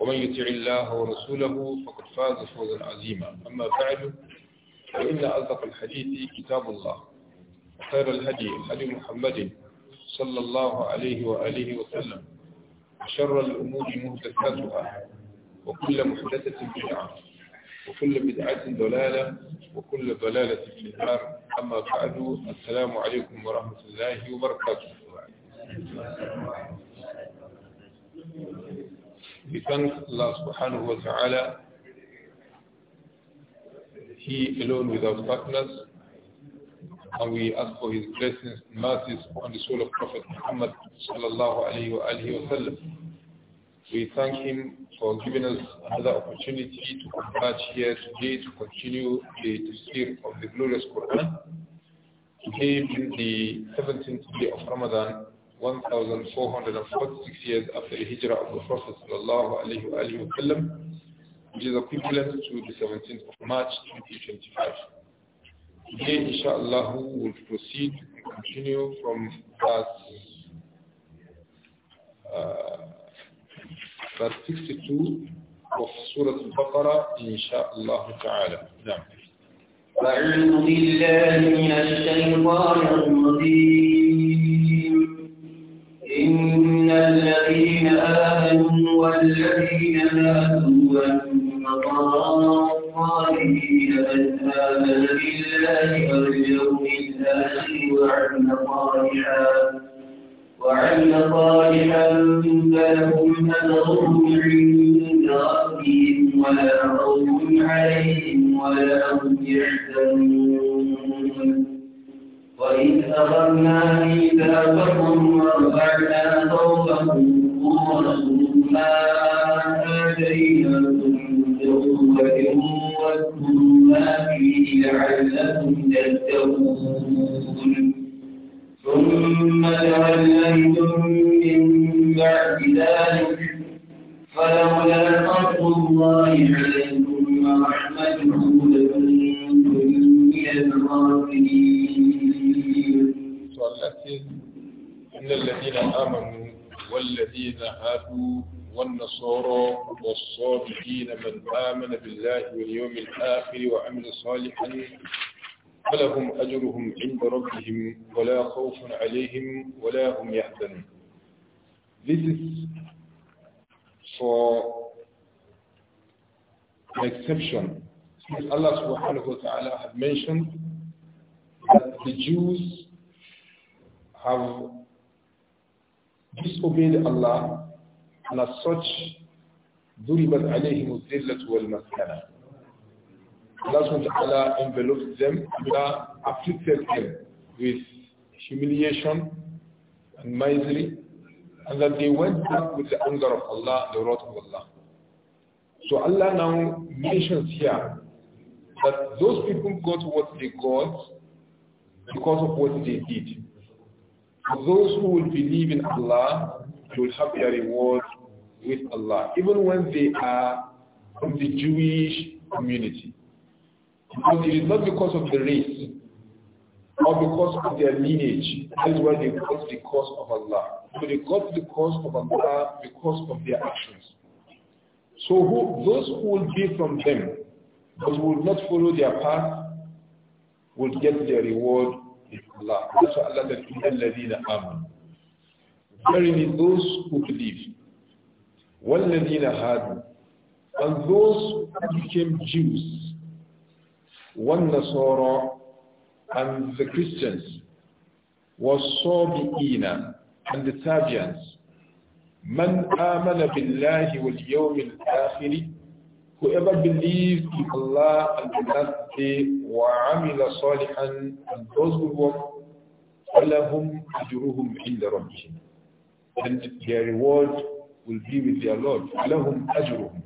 ومن يطع الله ورسوله فقد فاز فوزا عظيما أما بعد فإن أصدق الحديث كتاب الله خير الهدي هدي محمد صلى الله عليه وآله وسلم وشر الأمور مهدثاتها وكل محدثة بدعة وكل بدعة ضلالة وكل ضلالة في النار أما بعد السلام عليكم ورحمة الله وبركاته We thank Allah subhanahu wa ta'ala. He alone without partners. And we ask for his blessings and mercies on the soul of Prophet Muhammad sallallahu alayhi wa alayhi wa sallam. We thank him for giving us another opportunity to converge here today to continue the tafsir of the glorious Quran. Today being the 17th day of Ramadan, 1,446 years after the hijrah of the Prophet sallallahu alayhi wa alayhi which is equivalent to the 17th of March 2025. Today, inshallah, we will proceed and continue from verse, uh, verse 62 of Surah Al-Baqarah, inshallah ta'ala. نعم. أعوذ بالله من الشيطان الرجيم Allah afflicted them with humiliation and misery, and that they went back with the anger of Allah, the wrath of Allah. So Allah now mentions here that those people got what they got because of what they did. For those who will believe in Allah, they will have their reward with Allah, even when they are from the Jewish community. Because it is not because of the race or because of their lineage. That is why they got the curse of Allah. But they got the curse of Allah because of their actions. So who, those who will be from them, but will not follow their path, will get their reward in Allah. That's why Allah said, الَّذِينَ آمَنُوا Verily those who believe, وَالَّذِينَ هَادُوا And those who became Jews, والنصارى and the Christians والصابئين and the Sabians من آمن بالله واليوم الآخر whoever believes in Allah and the last day وعمل صالحا and those who work فلهم أجرهم عند ربهم and their reward will be with their Lord فلهم أجرهم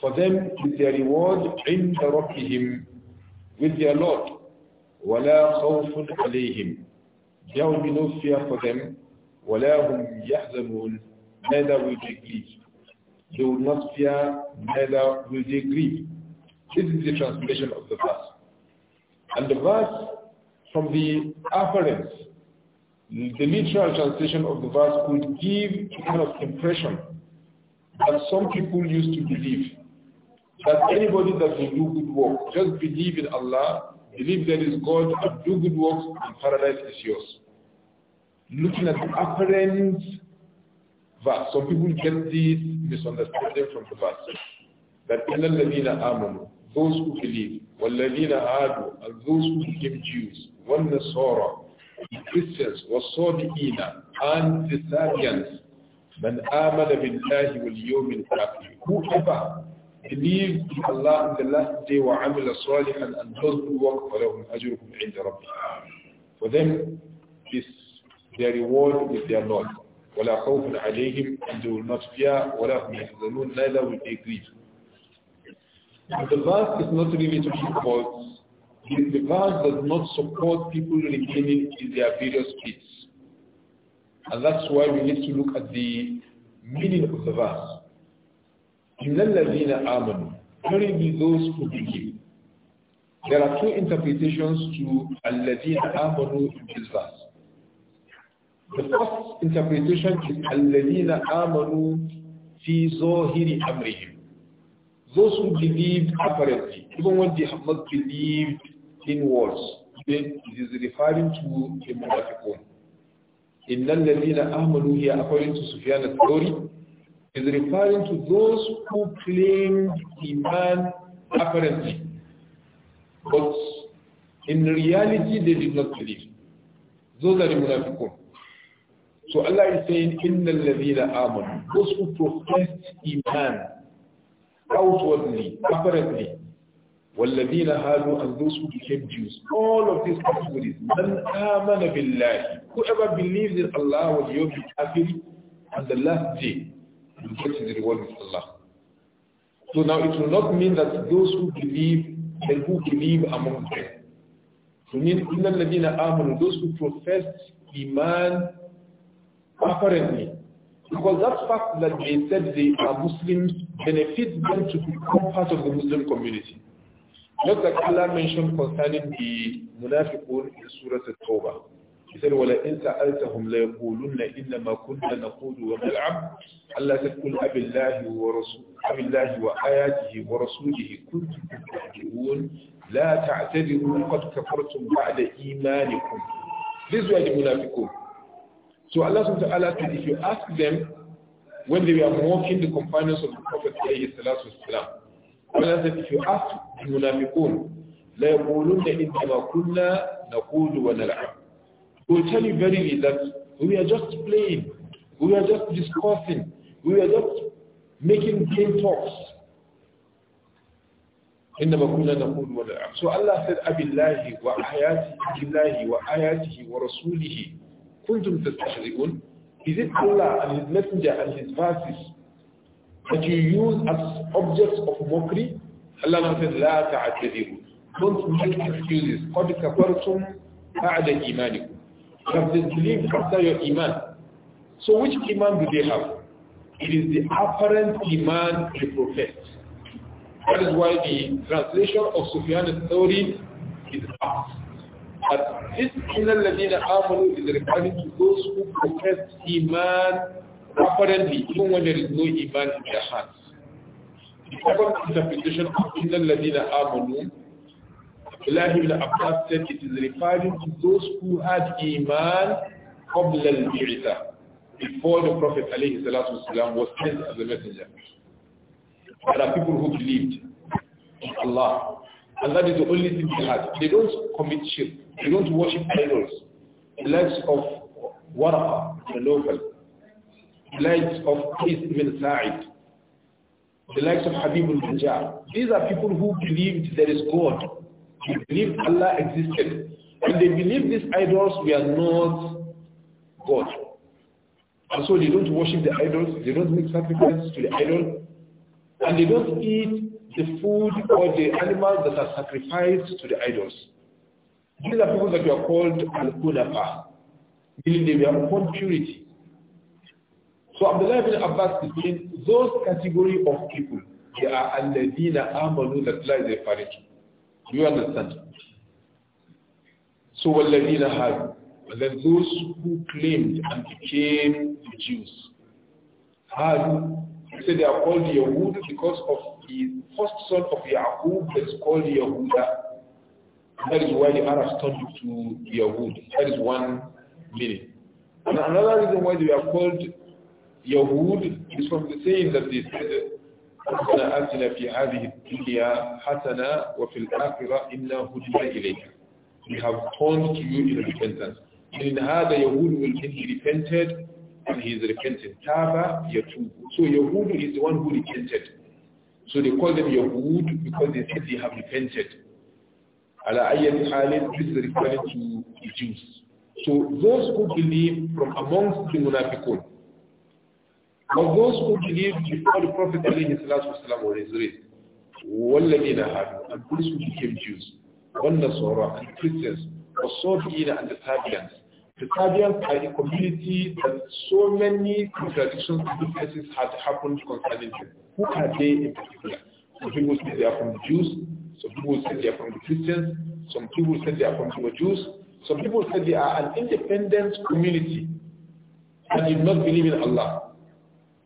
for them is their reward عند ربهم with their Lord. وَلَا خَوْفٌ عَلَيْهِمْ There will be no fear for them. وَلَا هُمْ يَحْزَنُونَ Neither will they grieve. They will not fear, neither will they grieve. This is the translation of the verse. And the verse from the appearance, the literal translation of the verse could give a kind of impression that some people used to believe that anybody that will do good work, just believe in Allah, believe there is God, and do good works, and paradise is yours. Looking at the apparent verse, some people get this misunderstanding from the verse. That إِلَّا الَّذِينَ آمَنُوا those who believe, وَالَّذِينَ آدُوا and those who became Jews, وَالنَّصَارَى the Christians, وَالصَّادِقِينَ and the Sabians, مَنْ آمَنَ بِاللَّهِ وَالْيَوْمِ الْآخِرِ Whoever Believe in Allah in the last day وَعَمِلَ صَالِحًا and does good work فَلَهُمْ أَجْرُهُمْ عِنْدَ رَبِّهِمْ For them is their reward with their Lord. وَلَا خَوْفٌ عَلَيْهِمْ and they will not fear وَلَا هُمْ يَحْزَنُونَ neither will they grieve. The verse is not really talking about the verse does not support people remaining in their various states. And that's why we need to look at the meaning of the verse. Inna ladina amanu. Only be those who believe. There are two interpretations to al amanu in this verse. The first interpretation is al amanu fi zahiri amrihim. Those who believed apparently, even when they have not believed in words, then it is referring to the Munafiqun. Inna الَّذِينَ amanu here according to Sufyan al-Thawri, is referring to those who claim Iman apparently. But in reality, they did not believe. Those are the munafiqun. So Allah is saying, إِنَّ الَّذِينَ آمَنُوا Those who professed Iman outwardly, apparently, وَالَّذِينَ هَادُوا And those who became Jews. All of these categories. مَنْ آمَنَ بِاللَّهِ Whoever believes in Allah will be al and the last day you get the reward with Allah. So now it will not mean that those who believe and who believe among them. To mean إِنَّ الَّذِينَ آمَنُوا Those who profess Iman apparently. Because that fact that they said they are Muslims benefits them to become part of the Muslim community. Just like Allah mentioned concerning the Munafiqun in Surah At-Tawbah. He said, وَلَئِنْ سَأَلْتَهُمْ لَيَقُولُنَّ إِنَّمَا كُنَّا نَقُودُ وَنَلْعَبْ أَلَّا تَكُلْ أَبِ اللَّهِ وَآيَاتِهِ وَرَسُولِهِ كُنْتُمْ تَحْجِئُونَ لَا تَعْتَذِرُوا قَدْ كَفَرْتُمْ بَعْدَ إِيمَانِكُمْ This were the munafiqun. So Allah subhanahu ta'ala said, if you ask them, when they were mocking the companions of the Prophet Allah said, if you ask the munafiqun, لَيَقُولُنَّ إِنَّمَا كُنَّا نَقُودُ وَنَلْعَبْ will tell you verily that we are just playing, we are just discussing, we are just making game talks. So Allah said, ولا نعم. So Allah wa أبالله وآياته بالله وآياته ورسوله Is it Allah and His Messenger and His verses that you use as objects of mockery? Allah said "La تعتذروا Don't make excuses قد كفرتم بعد إيمانكم have believed after your iman. So which iman do they have? It is the apparent iman they profess. That is why the translation of Sufyan's story is asked. But this inna ladina amanu is referring to those who profess iman apparently, even when there is no iman in their hearts. The second interpretation of inna ladina amanu Abdullah ibn Abbas said it is referring to those who had Iman قبل البعثة before the Prophet alayhi was sent as a messenger. There are people who believed in Allah. And that is the only thing they had. They don't commit shirk. They don't worship idols. The likes of Waraqa, the local. The likes of Qis ibn Sa'id. The likes of Habib al These are people who believed there is God. They believed Allah existed. And they believed these idols were not God. And so they don't worship the idols, they don't make sacrifices to the idol, and they don't eat the food or the animals that are sacrificed to the idols. These are people that were called Al-Kunafa, meaning they were upon purity. So Abdullah ibn Abbas is saying those category of people, they are Al-Ladina Amanu, that lies a parity. Do you understand? So وَالَّذِينَ هَادُوا And then those who claimed and became the Jews. Hadu, you said they are called Yahud because of the first son of Yahud that is called Yahuda. That is why the Arabs turned to Yahud. That is one meaning. And another reason why they are called Yahud is from the saying that they said ربنا آتنا في هذه الدنيا حسنة وفي الآخرة إنا هدنا إليك. We have turned to you in repentance. In هذا Yahud will be repented and he is repentant. Taba Yatubu. So Yahud is the one who repented. So they call them Yahud because they said they have repented. Ala ayyat halin, this is referring to the Jews. So those who believe from amongst the Munafiqun, but those who believed before the Prophet والسلام, was raised, وَالَّذِينَ هَادُوا And those who became Jews, وَالنَّصَارَى and Christians, وَالصَّابِئِينَ and the Sabians. The Sabians are a community that so many contradictions and differences had happened concerning them. Who are they in particular? Some people say they are from the Jews, some people say they are from the Christians, some people say they are from the Jews, some people say they are an independent community and did not believe in Allah.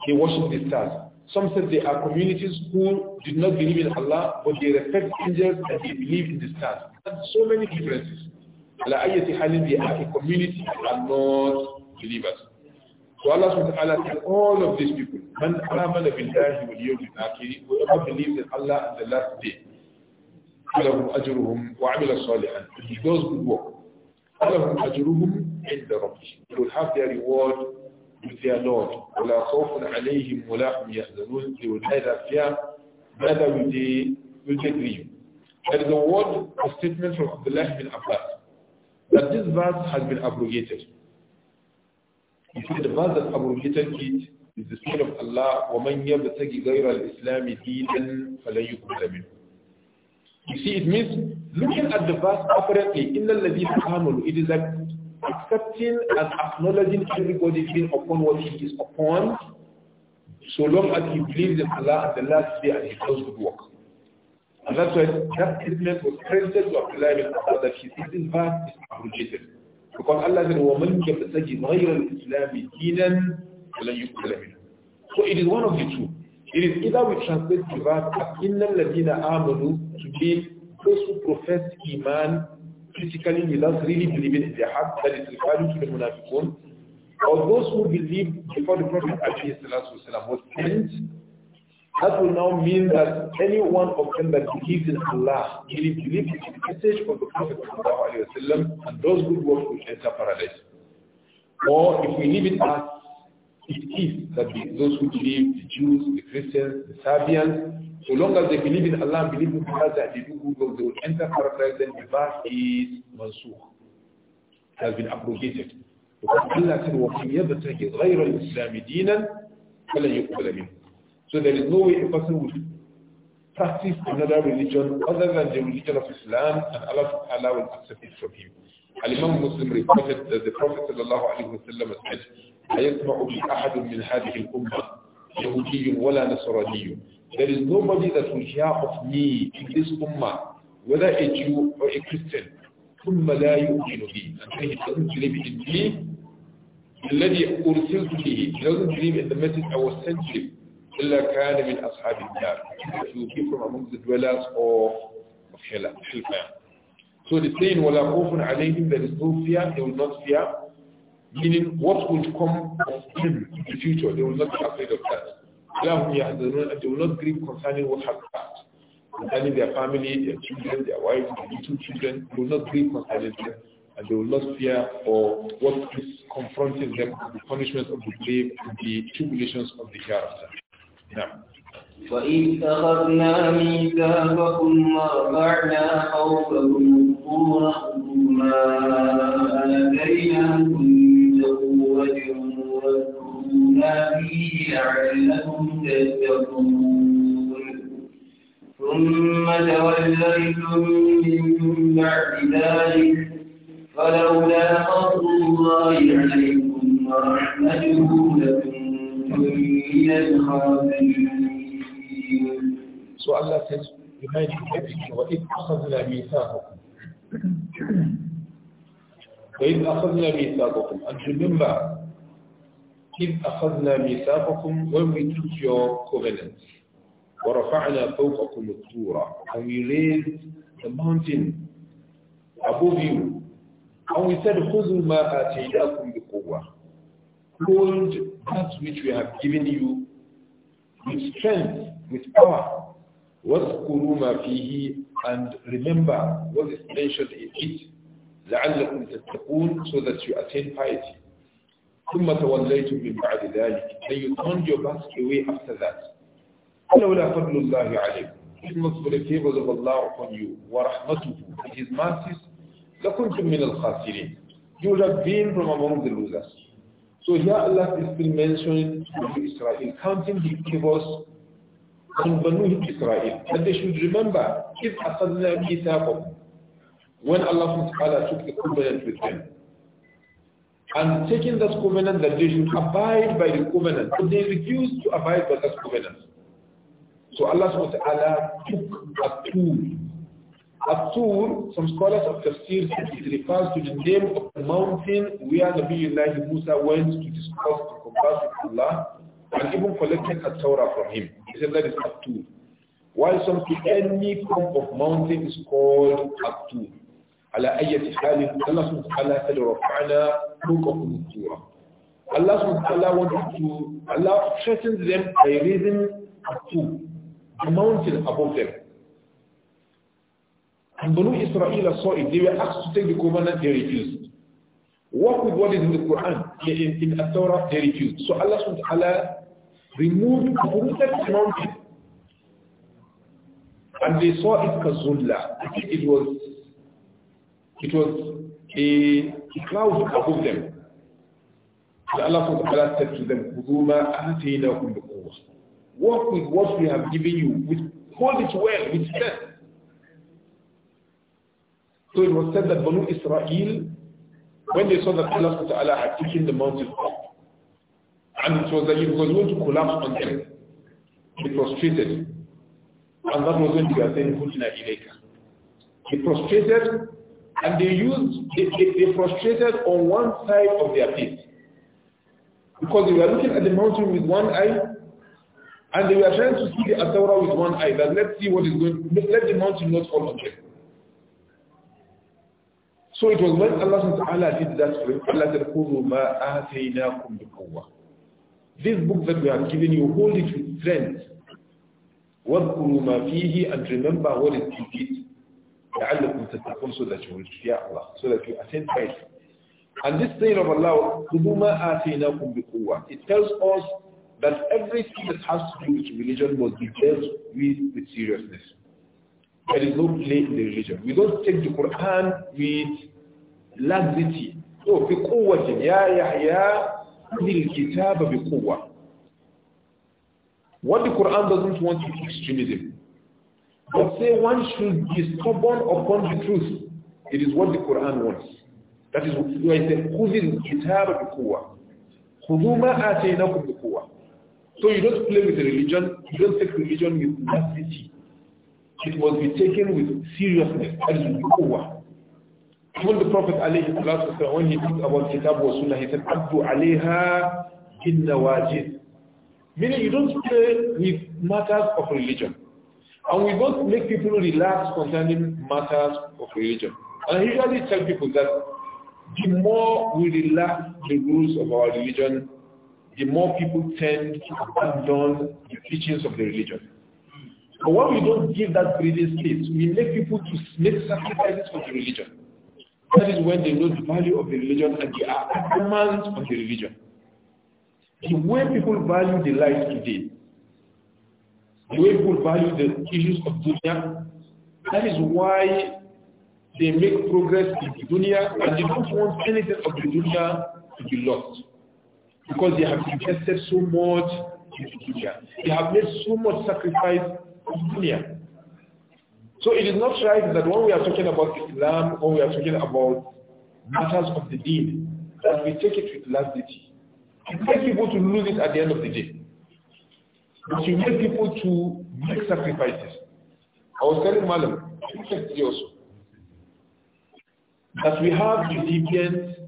He worship the stars. Some said they are communities who did not believe in Allah, but they respect angels and they believe in the stars. There so many differences. La ayati halin, they are a community that are not believers. So Allah subhanahu wa ta'ala said, all of these people, man amana billahi wal yawmil akhir, whoever believes in Allah and the last day, فَلَهُمْ أَجْرُهُمْ وَعَمِلَ صَالِحًا He does good work. فَلَهُمْ أَجْرُهُمْ عِنْدَ رَبِّهِ They will have their reward with their Lord. وَلَا خَوْفٌ عَلَيْهِمْ وَلَا هُمْ يَحْزَنُونَ They will neither fear, neither will they, will they grieve. There is a word, a statement from Abdullah bin Abbas, that this verse has been abrogated. You see, the verse that abrogated it is the saying of Allah, وَمَنْ يَبْتَغِ غَيْرَ الْإِسْلَامِ دِينًا فَلَنْ يُقْبَلَ مِنْهُ You see, it means, looking at the verse apparently, إِنَّ الَّذِينَ آمَنُوا It is like accepting and acknowledging everybody being upon what he is upon, so long as he believes in Allah and the last day and he does good work. And that's why that statement was presented to Abdullah ibn Abbas that he said this is abrogated. Because Allah said, وَمَنْ keep the الْإِسْلَامِ دِينًا فَلَنْ يُقْبَلَ مِنْهُ So it is one of the two. It is either we translate the verse as إِنَّ الَّذِينَ آمَنُوا to be those who profess Iman critically without really believing in their heart that is referring to the munafiqun, or those who believe before the Prophet was sent, that will now mean that any one of them that believes in Allah, really believes in the message of the Prophet وسلم, and those good works will enter paradise. Or if we leave it as it is, that those who believe, the Jews, the Christians, the Sabians. So long as they believe in Allah believe in Allah they do they will enter paradise, then the verse is mansukh, has been abrogated. So there is no way a person would practice another religion other than the religion of Islam and Allah, Allah will accept it from him. Al-Imam Muslim reported that the Prophet sallallahu said, there is nobody that will hear of me in this ummah, whether a Jew or a Christian. ثم لا يؤمن بي and he doesn't believe in me الذي أرسلت به he doesn't believe in the message I was sent to him إلا كان من أصحاب النار he will be from among the dwellers of hell so the saying ولا خوف عليهم there is no fear they will not fear meaning what will come of him in the future they will not be afraid of that they will not grieve concerning what has passed, concerning their family, their children, their wives, their little children. They will not grieve concerning them, and they will not fear for what is confronting them, the punishment of the grave and the tribulations of the hereafter. Now. وإذ أخذنا ميثاقكم ورفعنا فوقكم الطور خذوا ما آتيناكم فيه لعلكم تتقون ثم توليتم منكم بعد ذلك فلولا فضل الله عليكم ورحمته لكنتم من الخاسرين سؤال لا بغير وإذ أخذنا ميثاقكم وإذ أخذنا ميثاقكم أنتم من بعد إذ أخذنا ميثاقكم when we took your covenant ورفعنا فوقكم الطور and we raised the mountain above you and we said خذوا ما آتيناكم بقوة hold that which we have given you with strength with power واذكروا ما فيه and remember what is mentioned in it لعلكم تتقون so that you attain piety ثم توليتم من بعد ذلك then you turned your back away after that لولا فضل الله عليكم it was for the favors of Allah upon you ورحمته and his mercies لكنتم من الخاسرين you would have been from among the losers so here Allah is still mentioning Israel counting the favors on Banu Israel and they should remember if أخذنا ميثاقهم when Allah subhanahu wa ta'ala took the covenant with them and taking that covenant that they should abide by the covenant. But they refused to abide by that covenant. So Allah SWT took a tool. A tool, some scholars of tafsir it refers to the name of the mountain where the Nabiullah Musa went to discuss to converse with Allah and even collected a Torah from him. He said that is a tool. While some to any form of mountain is called a tool. على أي حال الله سبحانه وتعالى said رفعنا فوقكم الطور Allah subhanahu wa ta'ala wanted to Allah threatened them by raising a two, a mountain above them. And Banu Israel saw it. They were asked to take the covenant, they refused. what with what is in the Quran, in, in the Torah, they refused. So Allah subhanahu wa ta'ala removed the mountain. And they saw it kazulla. It was It was a cloud above them. The Allah SWT said to them, Work with what we have given you, with, hold it well, with strength. So it was said that Banu Israel, when they saw that Allah Ta'ala had taken the mountain up, and it was that it was going to collapse on them, they prostrated. And that was when they were saying, Kulina It They prostrated and they used, they, they, they frustrated on one side of their face. Because they were looking at the mountain with one eye, and they were trying to see the Atawra with one eye, that let's see what is going, let the mountain not fall on them. So it was when Allah subhanahu did that for Allah said, خُذُوا مَا آتَيْنَاكُمْ This book that we have given you, hold it with strength. وَاذْكُرُوا مَا فِيهِ And remember what is in it. لعلكم تتقون so that you will fear Allah, so that you attain faith. And this saying of Allah, خُذُوا مَا آتَيْنَاكُمْ بِقُوَّةٍ It tells us that everything that has to do with religion must be dealt with with seriousness. There is no play in the religion. We don't take the Quran with laxity. No, بِقُوَّةٍ يَا يَحْيَا خُذِ الْكِتَابَ بِقُوَّةٍ What the Quran doesn't want is extremism. But say one should be stubborn upon the truth. It is what the Quran wants. That is why it said, خُذِ الْكِتَابَ بِقُوَّةِ خُذُوا مَا آتَيْنَاكُمْ بِقُوَّةِ So you don't play with religion, you don't take religion with tenacity. It must be taken with seriousness. That is بِقُوَّةِ Even the Prophet ﷺ, when he talked about Kitab wa Sunnah, he said, عَبْدُ عَلَيْهَا إِنَّ وَاجِدٍ Meaning you don't play with matters of religion. And we don't make people relax concerning matters of religion. And I usually tell people that the more we relax the rules of our religion, the more people tend to abandon the teachings of the religion. But when we don't give that breathing space, we make people to make sacrifices for the religion. That is when they know the value of the religion and they are adamant of the religion. The way people value the life today the way value the issues of dunya, that is why they make progress in the dunya and they don't want anything of the dunya to be lost. Because they have invested so much in the dunya. They have made so much sacrifice in dunya. So it is not right that when we are talking about Islam or we are talking about matters of the deen, that we take it with laxity. We makes people to lose it at the end of the day. But you make people to make sacrifices. I was telling Malam, also, that we have recipients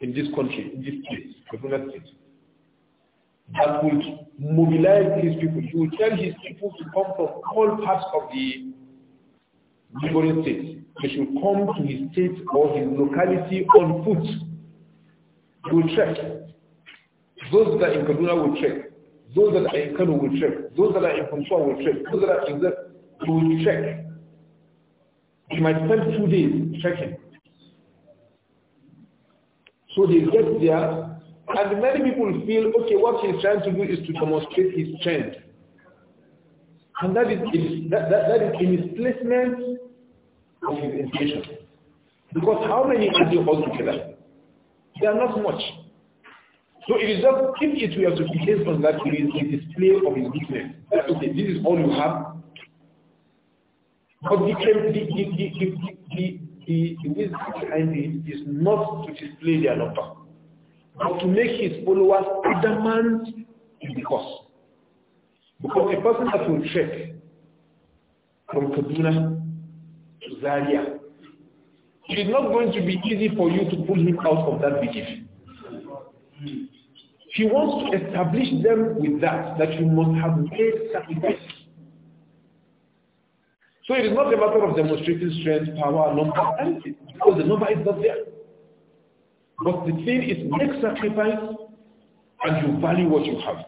in this country, in this place, Kaduna State, that will mobilize his people. He will tell his people to come from all parts of the neighboring states. They should come to his state or his locality on foot. He will check. Those that in Kaduna will check. Those that are in Kano will check. Those that are in Kumswa will check. Those that are in this will check. You might spend two days checking. So they get there, and many people feel, okay, what he's trying to do is to demonstrate his strength. And that is, that, that, that is a misplacement of his intention. Because how many are there altogether? They are not much. So it is just, if it have to be based on that, it is a display of his weakness. Okay, this is all you have. But the, the, the, the, the, the behind it is not to display their number, but to make his followers adamant in the cause. Because a person that will trek from Kaduna to Zaria, it is not going to be easy for you to pull him out of that belief. He wants to establish them with that, that you must have made sacrifice. So it is not a matter of demonstrating strength, power, number, anything, because the number is not there. But the thing is make sacrifice and you value what you have.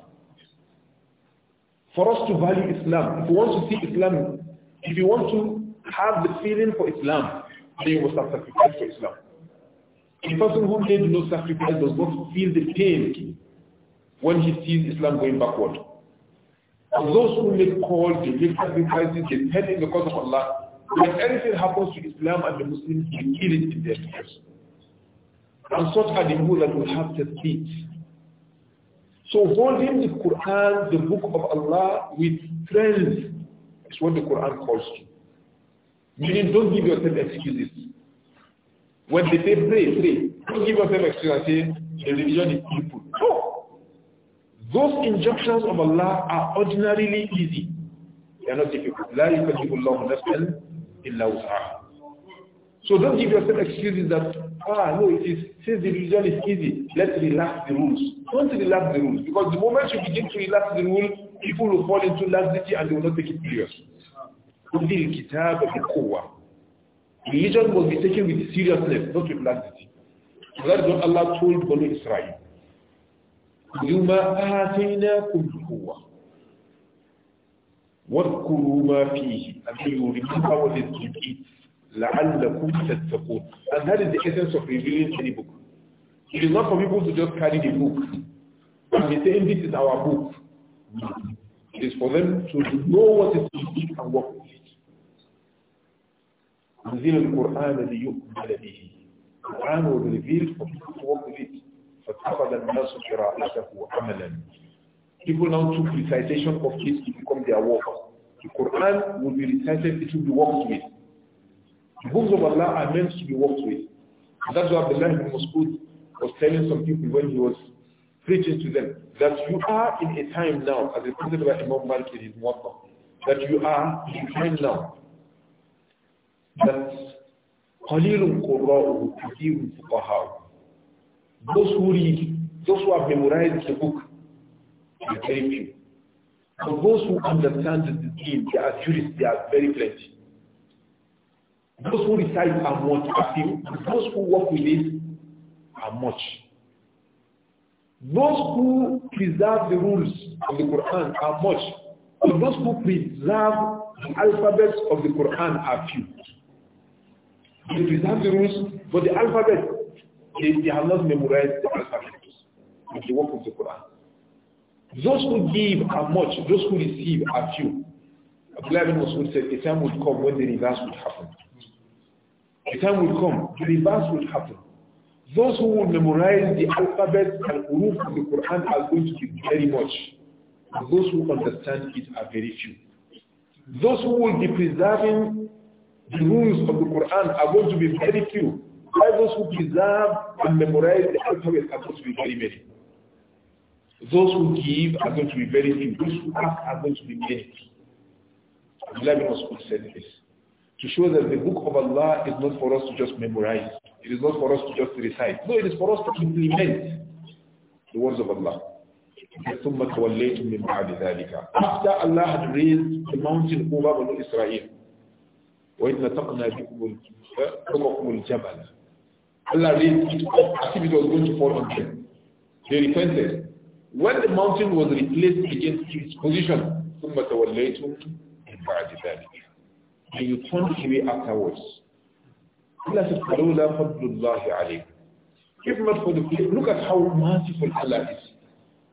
For us to value Islam, if you want to see Islam, if you want to have the feeling for Islam, then you must have sacrificed for Islam. A person who made no sacrifice does not feel the pain when he sees Islam going backward. And those who make calls, they make sacrifices, they turn in the cause of Allah. When anything happens to Islam and the Muslims, they kill it in their tears. And such are the people that will have to teach. So holding the Quran, the book of Allah, with strength is what the Quran calls you. Meaning don't give yourself excuses. When they say pray, pray, don't give yourself excuse and say the religion is simple. No. Those injunctions of Allah are ordinarily easy. They are not difficult. La yukallibullahu nafsan illa wus'aha. So don't give yourself excuses that, ah, no, it is, since the religion is easy, let's relax the rules. Don't relax the rules, because the moment you begin to relax the rule, people will fall into laxity and they will not take it serious. Only الكتاب Religion must be taken with seriousness, not with laxity. So that's what Allah told Banu Israel. يوم آتيناكم القوة واذكروا ما فيه and you remember what is in it لعلكم تتقون and that is the essence of revealing any book it is not for people to just carry the book and be saying this is our book it is for them to know what is in it and work أنزل القرآن ليؤمن به القرآن people فاتخذ الناس قراءته عملا People now took recitation of it to become their work. The Quran will be recited, it will be worked with. The books of Allah are meant to be worked with. And that's what Abdullah ibn Masud was telling some people when he was preaching to them, that you are in a time now, as reported by Imam Malik in his Muwatta, that you are in a time now that qalilun qurra'uhu kathirun fuqaha'uhu. Those who read, those who have memorized the book, they are very few. But those who understand the deen, they are jurists, they are very plenty. Those who recite are much, are Those who work with it are much. Those who preserve the rules of the Quran are much, but those who preserve the alphabets of the Quran are few. They preserve the rules, but the alphabet, they, they have not memorized the alphabet. But they work of the Quran. Those who give are much, those who receive are few. Abdullah bin Masud said, a time would come when the reverse would happen. A time would come, the reverse would happen. Those who will memorize the alphabet and huruf of the Quran are going to be very much. those who understand it are very few. Those who will be preserving the rules of the Quran are going to be very few. those who preserve and memorize the alphabet are going to be very many. Those who give are going to be very few. Those who ask are going to be many. Abdullah bin Masud said this. To show that the book of Allah is not for us to just memorize. It is not for us to just recite. No, it is for us to implement the words of Allah. After Allah had raised the mountain over Israel, وإن تقنا بكم الجبل Allah raised it up as if it was going to fall on them. They repented. When the mountain was replaced against its position, And you turned away afterwards. Allah said, فلولا فضل الله عليكم. If not for the place, look at how merciful Allah is.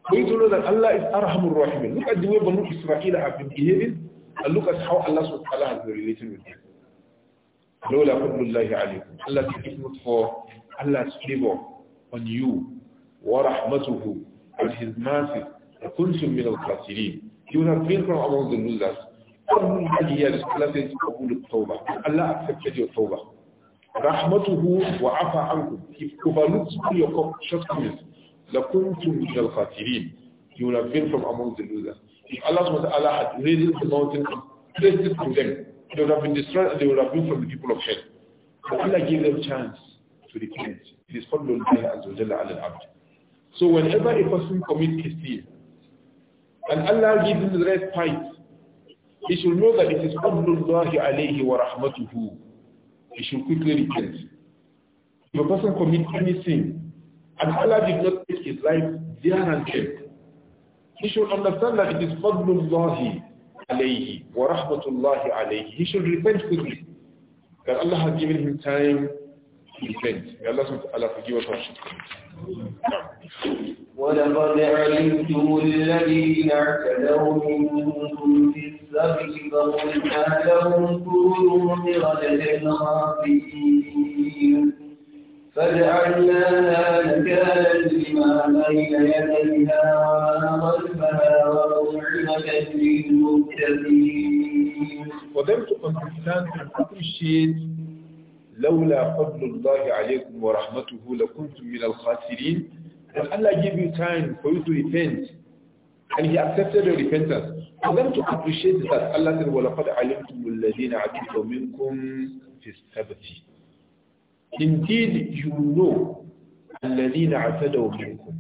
For you to know that Allah is Arhamur Rahimin. Look at the way Banu Israel have been behaving and look at how Allah subhanahu wa ta'ala has been relating with them. Lola fadlullahi alaykum. Allah said, not for Allah's favor on you, wa rahmatuhu, and His mercy, لَكُنْتُمْ مِنَ الْخَاسِرِينَ You would have been from among the losers. Allah says, قَبُولُ التَّوْبَةِ Allah accepted your tawbah. رَحْمَتُهُ وَعَفَى عَنْكُمْ He overlooks all your shortcomings. لَكُنْتُمْ مِنَ الْخَاسِرِينَ You would have been from among the losers. If Allah had raised the mountain and placed it to them, they would have been destroyed and they would have been from the people of hell. But Allah gave them chance to repent. It is فضل الله عز وجل على So whenever a person commits a sin, and Allah gives him the right fight, he should know that it is فضل الله عليه He should quickly repent. If a person commits any sin, and Allah did not take his life there and then, he should understand that it is فضل الله alayhi wa rahmatullahi alayhi. He should repent quickly. That Allah has given him time to repent. May Allah, Allah forgive us our shortcomings. ولقد علمتم الذين اعتدوا منكم في السبت فقلنا لهم كونوا قردة خاسئين فجعلناها نكالا لما بين يديها وما خلفها وموعظة للمتقين وذلكم الإنسان من كل لولا فضل الله عليكم ورحمته لكنتم من الخاسرين And Allah gave you time for you to repent and he accepted your repentance. For them to appreciate that Allah said, وَلَقَدْ عَلِمْتُمُ الَّذِينَ عَبِدُوا مِنْكُمْ فِي السَّبْتِ Indeed, you know الَّذِينَ عَتَدَوْا مِنْكُمْ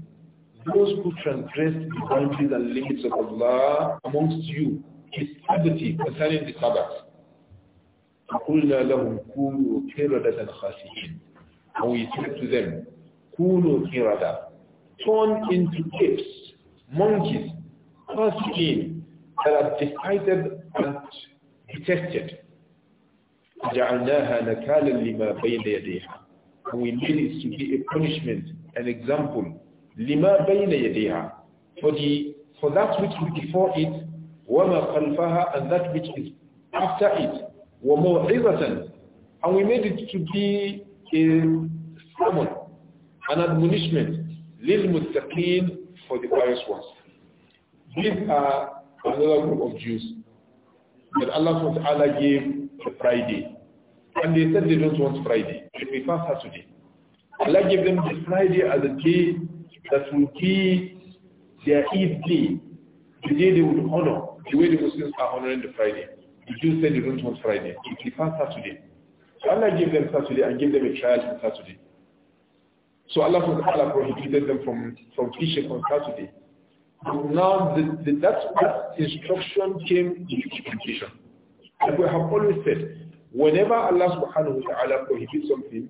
Those who transgress the boundaries and limits of Allah amongst you is evident concerning the Sabbath. فَقُلْنَا لَهُمْ كُونُوا كِرَدَةً خَاسِئِينَ And we said to them, كُونُوا كِرَدَةً Turn into apes, monkeys, khasi'in, that are decided and detested. نَكَالًا لِمَا بَيْنَ يَدَيْهَا And we made it to be a punishment, an example, لِمَا بَيْنَ يَدَيْهَا For, the, for that which is before it, وَمَا خَلْفَهَا And that which is after it, وَمَوْعِظَةً And we made it to be a sermon, an admonishment, لِلْمُتَّقِينَ For the pious ones. These are another group of Jews that Allah Allah gave Friday. And they said they don't want Friday. They prefer Saturday. Allah gave them this Friday as a day that will be their Eid day, the day they would honor, the way the Muslims are honoring the Friday. The Jews said they don't want Friday. They prefer Saturday. So Allah gave them Saturday and gave them a trial on Saturday. So Allah from Allah prohibited them from, from fishing on Saturday. now the, the, that, that instruction came in implementation. As we have always said, whenever Allah subhanahu wa ta'ala prohibits something,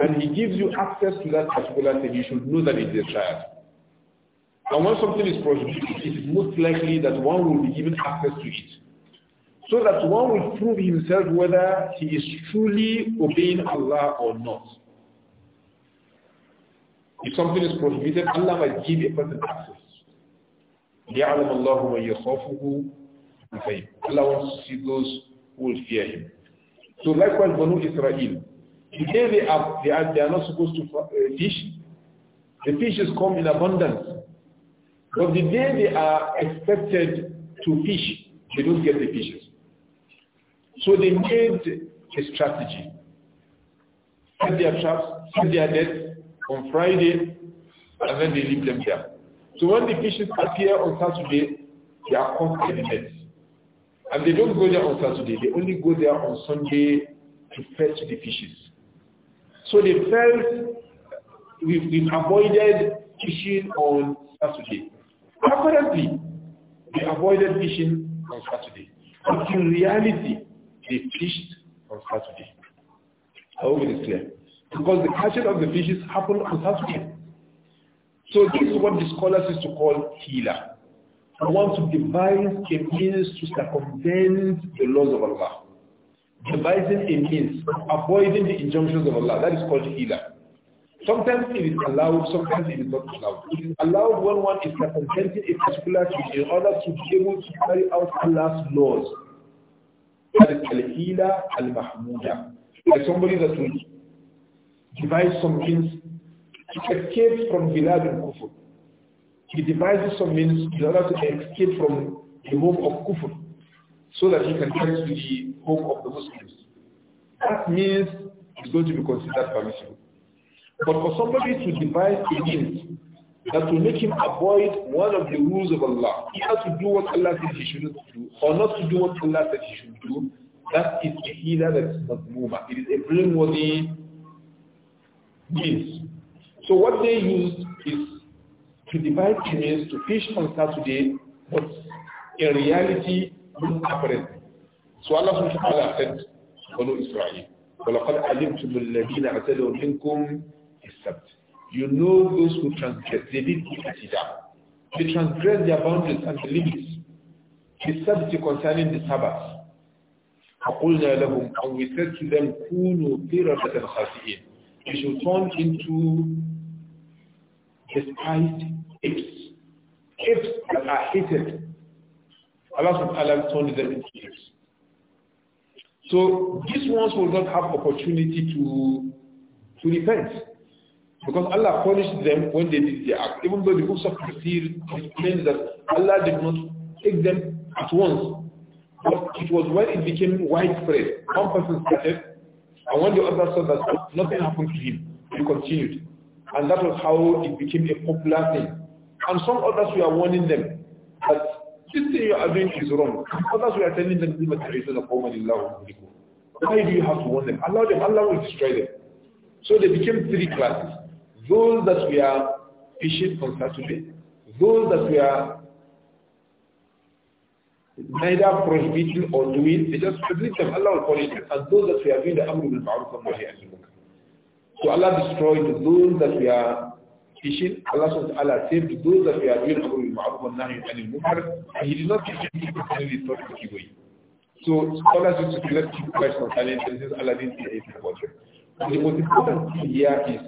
and he gives you access to that particular thing, you should know that it is a trial. And when something is prohibited, it is most likely that one will be given access to it. So that one will prove himself whether he is truly obeying Allah or not. If something is prohibited, Allah might give a person access. Allah wants to see those who will fear him. So likewise, Banu Israel. Today they are, they are, they are not supposed to uh, fish. The fishes come in abundance. But the day they are expected to fish, they don't get the fishes. So they made a strategy. Set their traps, set their nets on Friday, and then they leave them there. So when the fishes appear on Saturday, they are caught in the nets. And they don't go there on Saturday. They only go there on Sunday to fetch the fishes. So they felt we've, we've avoided fishing on Saturday. Apparently, they avoided fishing on Saturday. But in reality, they fished on Saturday. I hope it is clear. Because the catching of the fishes happened on Saturday. So this is what the scholars used to call healer and want to devise a means to circumvent the laws of Allah. Devising a means, avoiding the injunctions of Allah, that is called hila. Sometimes it is allowed, sometimes it is not allowed. It is allowed when one is circumventing a particular thing in order to be able to carry out Allah's laws. That is al-hila al-mahmuda. Like somebody that will devise some means to escape from laws al-Kufr he devises some means in order to escape from the home of kufr so that he can get to the home of the Muslims. That means it's going to be considered permissible. But for somebody to devise a means that will make him avoid one of the rules of Allah, either to do what Allah says he should not do or not to do what Allah says he should do, that is a healer that is not muma. It is a blameworthy means. So what they use is to divide means to fish on Saturday, but in reality, not apparent. So Allah said to Israel, You know those who transgress, they did itida. They transgressed their boundaries and the limits. The subject concerning the Sabbath. فَقُلْنَا لَهُمْ And we said to them, You should turn into eyes, apes. Apes that are hated. Allah subhanahu turned them into apes. So these ones will not have opportunity to to repent. Because Allah punished them when they did the act. Even though the books of Qasir explains that Allah did not take them at once. But it was when it became widespread. One person started, and when the other saw that nothing happened to him, he continued. And that was how it became a popular thing. And some others we are warning them that this thing you are doing is wrong. Others we are telling them, why do you have to warn them? Allow them, Allah will destroy them. So they became three classes. Those that we are fishing on Saturday, those that we are neither prohibiting or doing, they just forbid them, Allah will call it, and those that we are doing the Amr bil Ma'ruf and Nahi al so Allah destroyed those that we are teaching. Allah says, "Allah ta'ala saved those that we are doing Amr al-Ma'ruf and Nahi and Munkar. And he did not teach them people concerning the third way. So scholars used to collect two questions concerning this Allah didn't say anything about it. The most important thing here is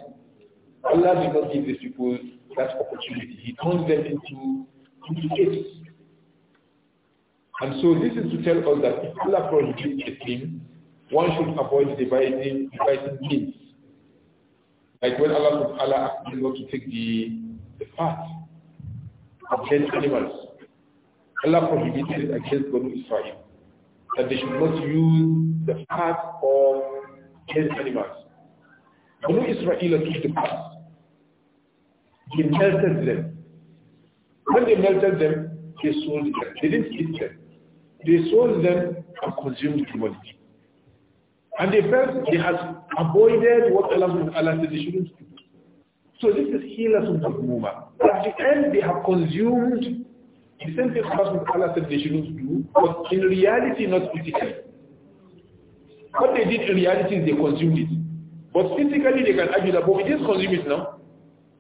Allah did not give these people that opportunity. He turned them into, into apes. And so this is to tell us that if Allah prohibits a thing, one should avoid dividing, dividing means like when Allah subhanahu asked them not to take the, the fat of dead animals, Allah prohibited it against Banu Israel, that they should not use the fat of dead animals. Banu Israel took the fat. He melted them. When they melted them, they sold them. They didn't eat them. They sold them and consumed the money. And they felt they had avoided what Allah said shouldn't do. So this is hilasun But At the end, they have consumed the same thing Allah Allah said they shouldn't do, but in reality, not physically. What they did in reality is they consumed it. But physically, they can argue that, but we didn't consume it now.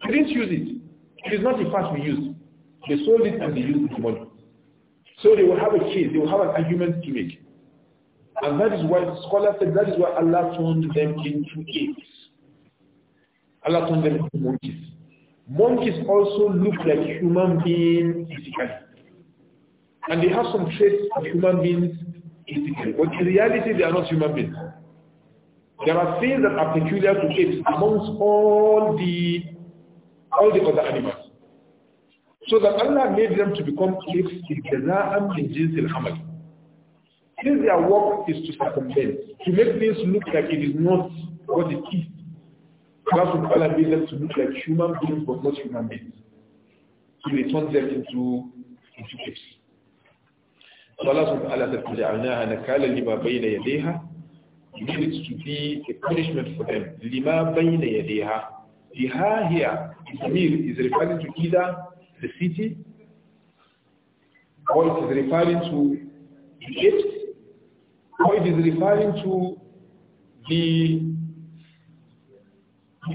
We didn't use it. It is not the fact we used. They sold it and they used the money. So they will have a case, they will have an argument to make. And that is why the scholar said that is why Allah turned them into apes. Allah turned them into monkeys. Monkeys also look like human beings physically. And they have some traits of human beings physically. But in reality, they are not human beings. There are things that are peculiar to apes amongst all the all the other animals. So that Allah made them to become apes in Jaza'am in Jinsil Hamad. Since their work is to circumvent, to make things look like it is not what it is. Allah subhanahu wa them to look like human beings but not human beings. So they turned them into, into apes. Allah subhanahu wa ta'ala said, فَجَعَلْنَاهَا نَكَالًا لِمَا بَيْنَ يَدَيْهَا made it to be a punishment for them. لِمَا bayna يَدَيْهَا The ha here, Ismail, is referring to either the city or it is referring to the apes or it is referring to the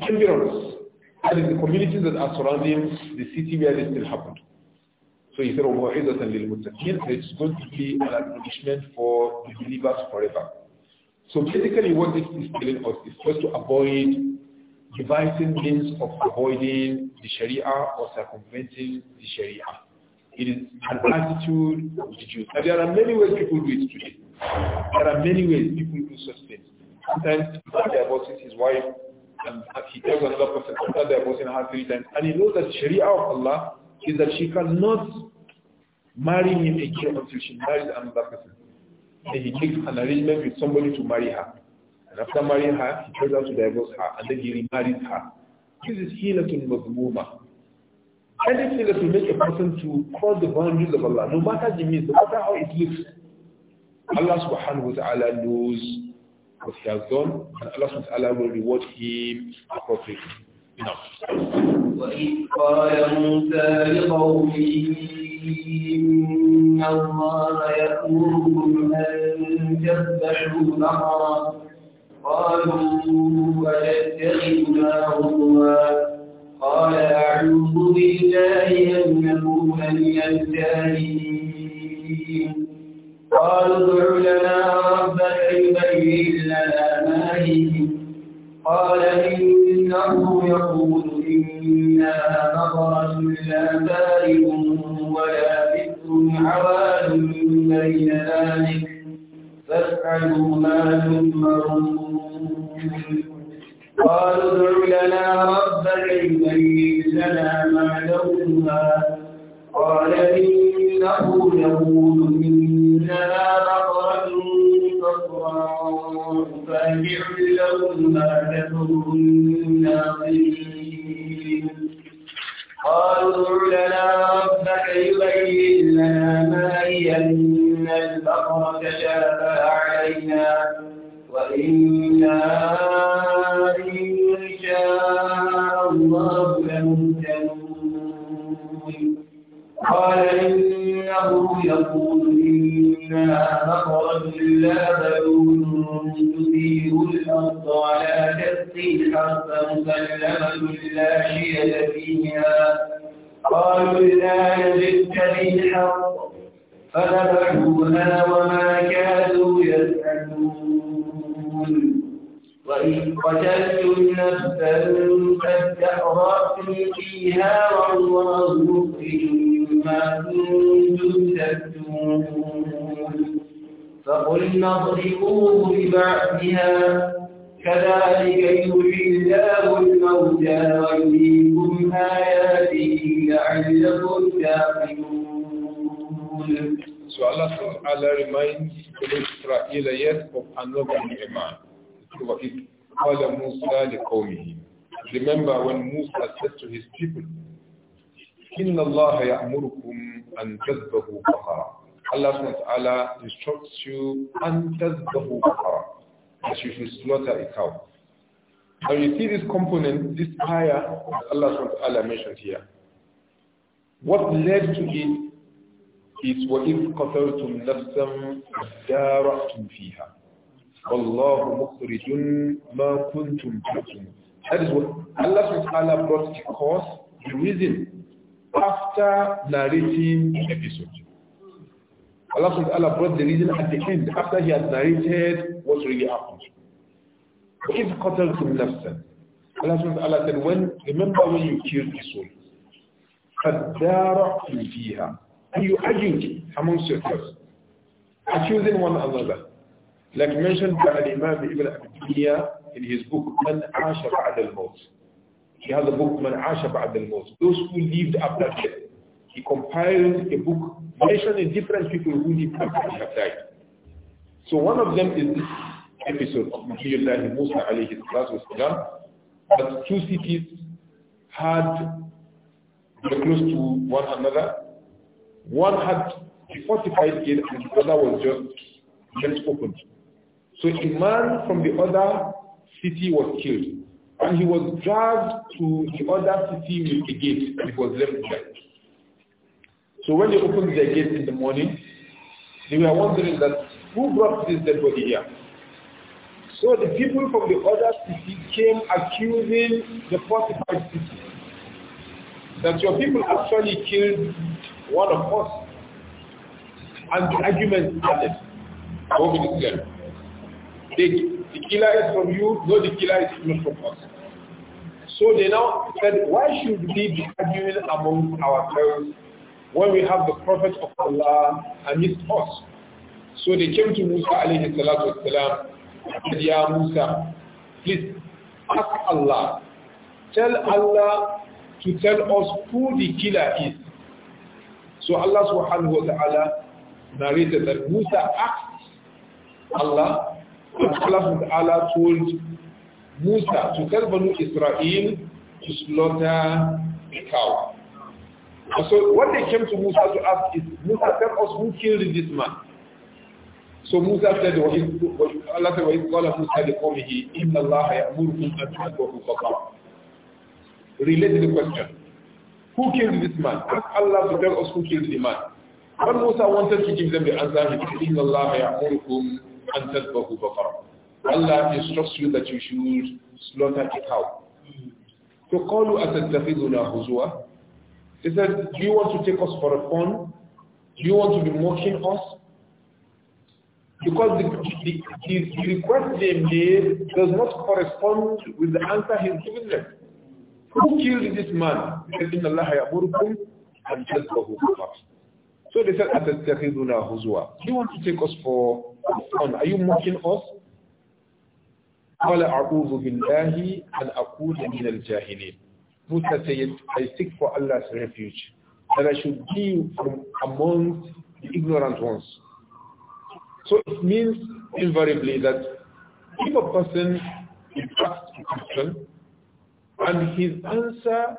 environs, that is the communities that are surrounding the city where this still happened. So he said, وَمَوْعِذَةً oh, لِلْمُتَّقِينَ It's going to be an admonishment for the believers forever. So basically what this is telling us is just to avoid devising means of avoiding the Sharia or circumventing the Sharia. It is an attitude of the And there are many ways people do it today. There are many ways people do such things. Sometimes their bosses, his wife, and he tells another person after their boss in her three times, and he knows that Sharia of Allah is that she cannot marry him again until she marries another person. Then he makes an arrangement with somebody to marry her. And after marrying her, he tells her to divorce her, and then he remarries her. This is Hilatun Mazmuma anything that will make a person to cross the boundaries of Allah, no matter the means, no matter how it looks, Allah subhanahu wa ta'ala knows what he has done, and Allah subhanahu wa ta'ala will reward him appropriately. وإذ قال موسى لقومه إن الله يأمركم أن تذبحوا قالوا أتتخذنا هزوا قال أعوذ بالله أن نكون من الجاهلين قالوا ادع لنا ربك يبين لنا ما هي قال إنه يقول إنها نظرة لا بارد ولا بئر عوال بين ذلك فاسألوا ما تؤمرون قالوا ادع لنا ربك يبين لنا ما لونها قال إنه يقول إنها بقرة صفراء فاجع لهم ما تكون الناظرين قالوا ادع لنا ربك يبين لنا ما هي إن البقرة شابه علينا وإنا إن شاء الله لمهتدون قال إنه يقول إنا مخرج لا بلون تثير الأرض على كث حرف مسلمة لا شيء فيها قالوا لا نجد بالحق فذبحوها وما كادوا يسألون قتلتم نفسا قد أخرجتم فيها والله مخرج ما كنتم تكتمون فقلنا اضربوه ببعضها كذلك يحيي الله الموتى ويريكم آياته لعلكم تعقلون So Allah subhanahu wa ta'ala reminds the Israelites of another Iman. قال موسى لقومه Remember when Musa said to his people, إِنَّ اللَّهَ يَأْمُرُكُمْ أَن تَذْبَهُ بَقَرًا Allah SWT instructs you, أَن تَذْبَهُ بَقَرًا That you should slaughter a cow. Now you see this component, this ayah that Allah SWT mentioned here. What led to it is وَإِذْ قَتَلْتُمْ نَفْسًا دَارَأْتُمْ فِيهَا that is what Allah subhanahu brought the cause, the reason, after narrating the episode. Allah subhanahu brought the reason at the end, after he had narrated what really happened. وَإِذْ قَتَلْتُمْ نَفْسًا Allah subhanahu said, when, remember when you killed the soul. فَدَّارَعْتُمْ فِيهَا And you argued amongst yourselves, accusing one another. Like mentioned by Imam Ibn Abdiyya in his book, Man Asha Ba'ad al-Mawt. He has a book, Man Asha Ba'ad al-Mawt. Those who lived after death. He compiled a book mentioning different people who lived after they have died. So one of them is this episode of Nabiullah Musa alayhi salatu wasalam, but two cities had were close to one another. One had the fortified gate and the other was just left open. So a man from the other city was killed, and he was dragged to the other city with the gate that was left there. So when they opened their gate in the morning, they were wondering that who brought this dead body here? So the people from the other city came accusing the fortified city that your people actually killed one of us. And the argument started. I hope it is clear. They, the killer is from you, no, the killer is not from us. So they now said, why should we be arguing among ourselves when we have the Prophet of Allah amidst us? So they came to Musa alayhi salatu wasalam and said, Ya Musa, please ask Allah. Tell Allah to tell us who the killer is. So Allah subhanahu wa ta'ala narrated that Musa asked Allah Allah told Musa to tell Banu Israel to slaughter a cow. so what they came to Musa to ask, is, Musa tell us who killed this man. So Musa said, Allah said, وَإِذْ قَالَ مُوسَى لِقَوْمِهِ إِنَّ اللَّهَ يَأْمُرُكُمْ أَنْ تَذْبَحُوا بَقَرَةً Relate the question. Who killed this man? Ask Allah to tell us who killed the man. When Musa wanted to give them the answer, he said, إِنَّ اللَّهَ يَأْمُرُكُمْ أن تذبحوا Allah instructs you that you should slaughter a cow. at أتتخذنا هزوا He said, do you want to take us for a fun? Do you want to be mocking us? Because the, the, the request they made does not correspond with the answer he's given them. Who killed this man? and So they said, أتتخذنا هزوا Do you want to take us for son, are you mocking us? said, I seek for Allah's refuge, that I should be from amongst the ignorant ones. So it means invariably that if a person is asked a question and his answer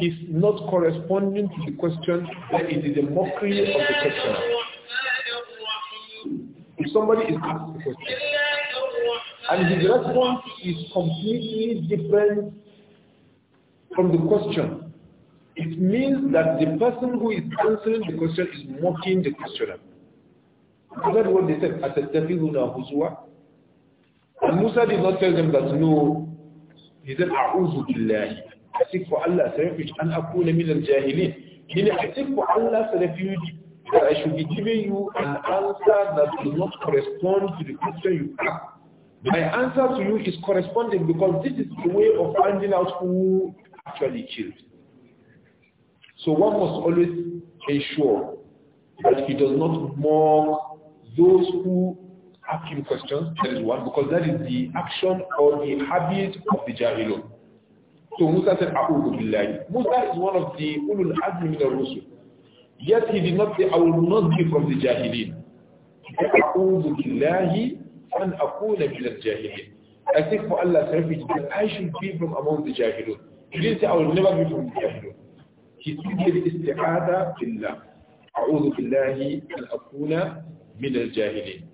is not corresponding to the question, then it is a mockery of the questioner somebody is asking a question and his response is completely different from the question, it means that the person who is answering the question is mocking the questioner. Is that what they said? Atatafihuna huzwa? And Musa did not tell them that no. He said, A'udhu billahi. I seek for Allah's refuge and akuna min al-jahilin. I seek for Allah's refuge that I should be giving you an answer that will not correspond to the question you ask. My answer to you is corresponding because this is the way of finding out who actually killed. So one must always ensure that he does not mock those who ask him questions, that is one, because that is the action or the habit of the Jahilun. So Musa said, A'udhu Billahi. Musa is one of the Ulul Azmi min rusul Yet he did not say, I will not be from the Jahilin. I think for Allah's refuge I should be from among the Jahilun. He didn't say, I will never be from the Jahilun. He said, isti'ada billah. أعوذ بالله أن أكون من الجاهلين.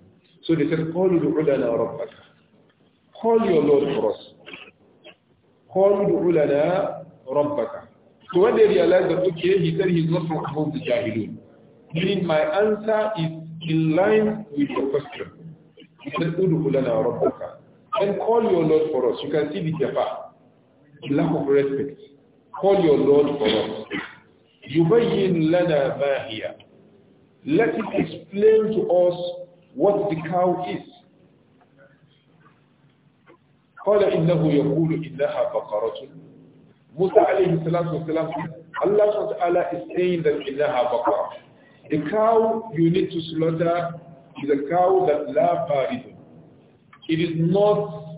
So they said, "Call your Lord for us." Call your Lord for us. قالوا لعلنا ربك. So when they realized that, okay, he said he's not from among the Jahilun. Meaning my answer is in line with your question. He said, Udhulana Rabbaka. Then call your Lord for us. You can see the jafa, the lack of respect. Call your Lord for us. Yubayyin lana mahiya. Let it explain to us what the cow is. قال إنه يقول إنها بقرة Musa alayhi salatu wasalam, Allah SWT is saying that ilaha بَقَرَ The cow you need to slaughter is a cow that la paridun. It is not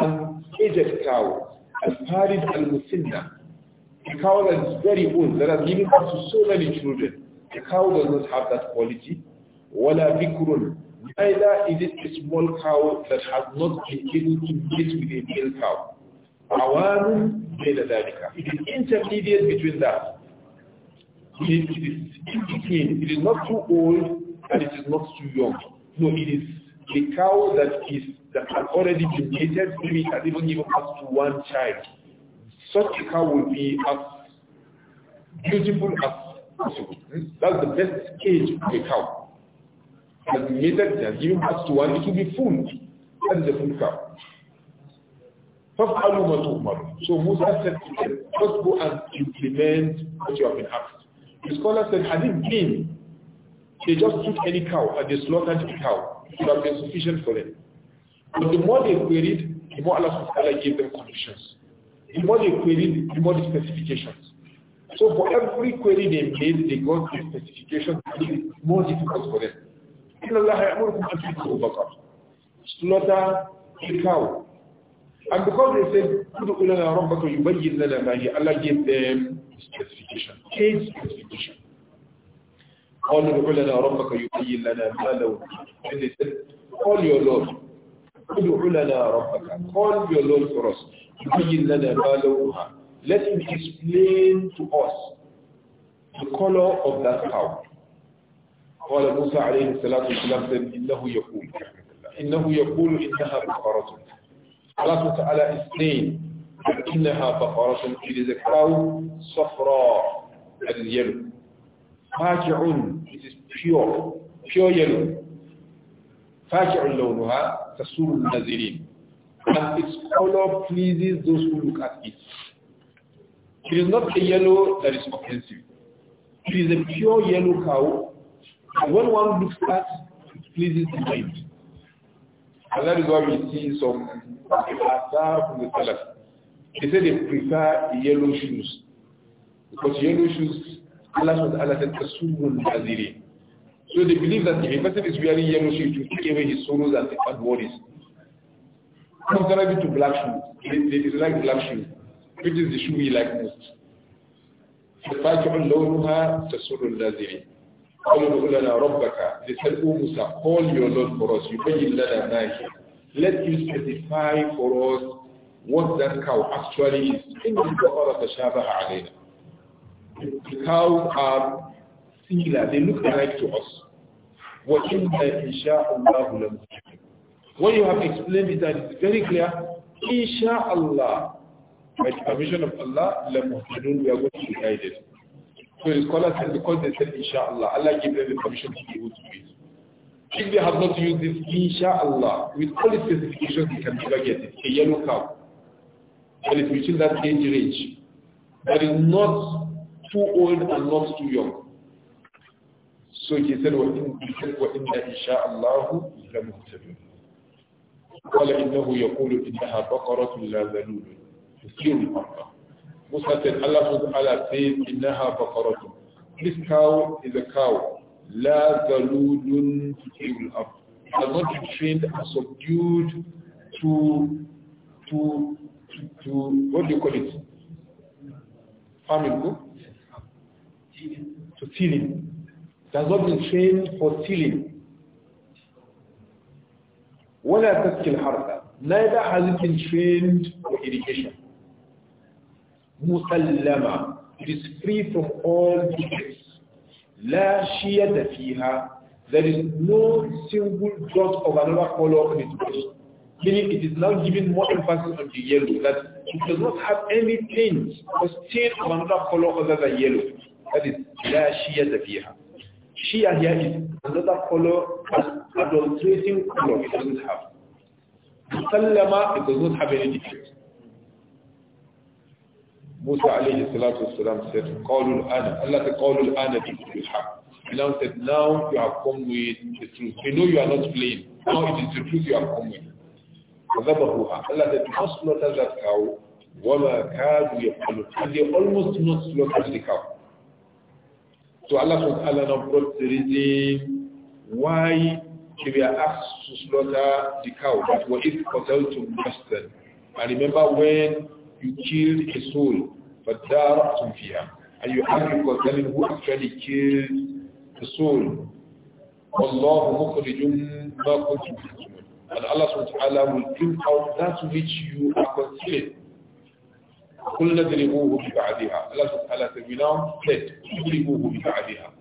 an aged cow, al-parid al-musinna. A cow that is very old, that has given birth to so many children. A cow does not have that quality. وَلَا بِكْرٌ Neither is it a small cow that has not been able to mate with a male cow. عوام بين ذلك it is intermediate between that it is, between it is not too old and it is not too young no it is a cow that is that has already been mated maybe it has even given birth to one child such a cow will be as beautiful as possible hmm? that's the best age of a cow has mated has given birth to one it will be full that is a full cow so Musa said to them, just go and implement what you have been asked. The scholar said, had it been, they just took any cow and they slaughtered the cow. It would have been sufficient for them. But the more they queried, the more Allah subhanahu gave them conditions. The more they queried, the more the specifications. So for every query they made, they got the specifications and it more difficult for them. Slaughter a cow and because they said, Allah gave them specification, case specification. Call they said, call your Lord. Call your Lord for us. Let him explain to us the color of that cow. قال موسى عليه الصلاة والسلام إنه يقول إنه يقول إنها بقرة Allah Ta'ala is saying, إِنَّهَا بَقَرَةٌ It is a cow, صَفْرَى That is yellow. فَاجِعٌ It is pure, pure yellow. فَاجِعٌ لَوْنُهَا تَسُورُ النَّذِرِينَ And its color pleases those who look at it. It is not a yellow that is offensive. It is a pure yellow cow. And when one looks at it, it pleases the mind. And that is why we see some attire from the Salaf. They say they prefer yellow shoes. Because yellow shoes, Allah SWT said, Kasumun Nazirin. So they believe that if a person is wearing yellow shoes, to will take away his sorrows and bad worries. Contrary to black shoes, they, dislike black shoes, which is the shoe we like most. فَفَاكِعُ لَوْنُهَا تَسُرُ النَّازِرِينَ قوله لنا ربك they said O oh, Musa call your Lord for us يبين لنا ما let you specify for us what that cow actually is إن تشابه علينا the cows are similar they look alike to us وإن إن شاء الله لم when you have explained it that it's very clear إن شاء الله by the permission of Allah لمهتدون we are going to be guided so the scholar said because they said inshallah, Allah gave them the permission to be able to do it. If they have not used this inshallah, with all the specifications they can never get it, a yellow cow. And it's within that age range. That is not too old and not too young. So he said, وَإِنَّ إِنْشَاءَ اللَّهُ لَمُهْتَدُونَ قال إنه يقول إنها بقرة لا ذلول تثير الأرض this cow is a cow. La galudun Has not been trained and subdued to, to, to, to, what do you call it? Farming, To stealing. It has not been trained for stealing. ولا تسقي الحرث neither has it been trained for irrigation مسلمة It is free from all defects. لا شيد فيها There is no single dot of another color in its body. Meaning it is now giving more emphasis on the yellow. That it does not have any change or stain of another color other than yellow. That is لا شيد فيها. Shia here is another color as adulterating color it doesn't have. it does not have any difference. Musa alayhi salatu wasalam said, Qawlul ana. Allah said, Qawlul ana And now said, now you have come with the truth. We know you are not playing. Now it is the truth you have come with. فذبحوها Allah said, not slaughter that cow. وَمَا كَادُوا يَفْعَلُونَ And they almost not slaughter the cow. So Allah subhanahu Allah ta'ala brought the reason why they were asked to slaughter the cow. But what if to نَفْسًا And remember when you killed a soul. فَدَّارَتُمْ فِيهَا And you argue concerning who actually killed the soul. وَاللَّهُ مُخْرِجٌ مَا كُنْتُمْ تَكْتُمُونَ And Allah subhanahu wa ta'ala will bring out that which you are concealing. قُلْ نَدْرِبُوهُ بِبَعْدِهَا Allah subhanahu wa ta'ala said, we now said, نَدْرِبُوهُ بِبَعْدِهَا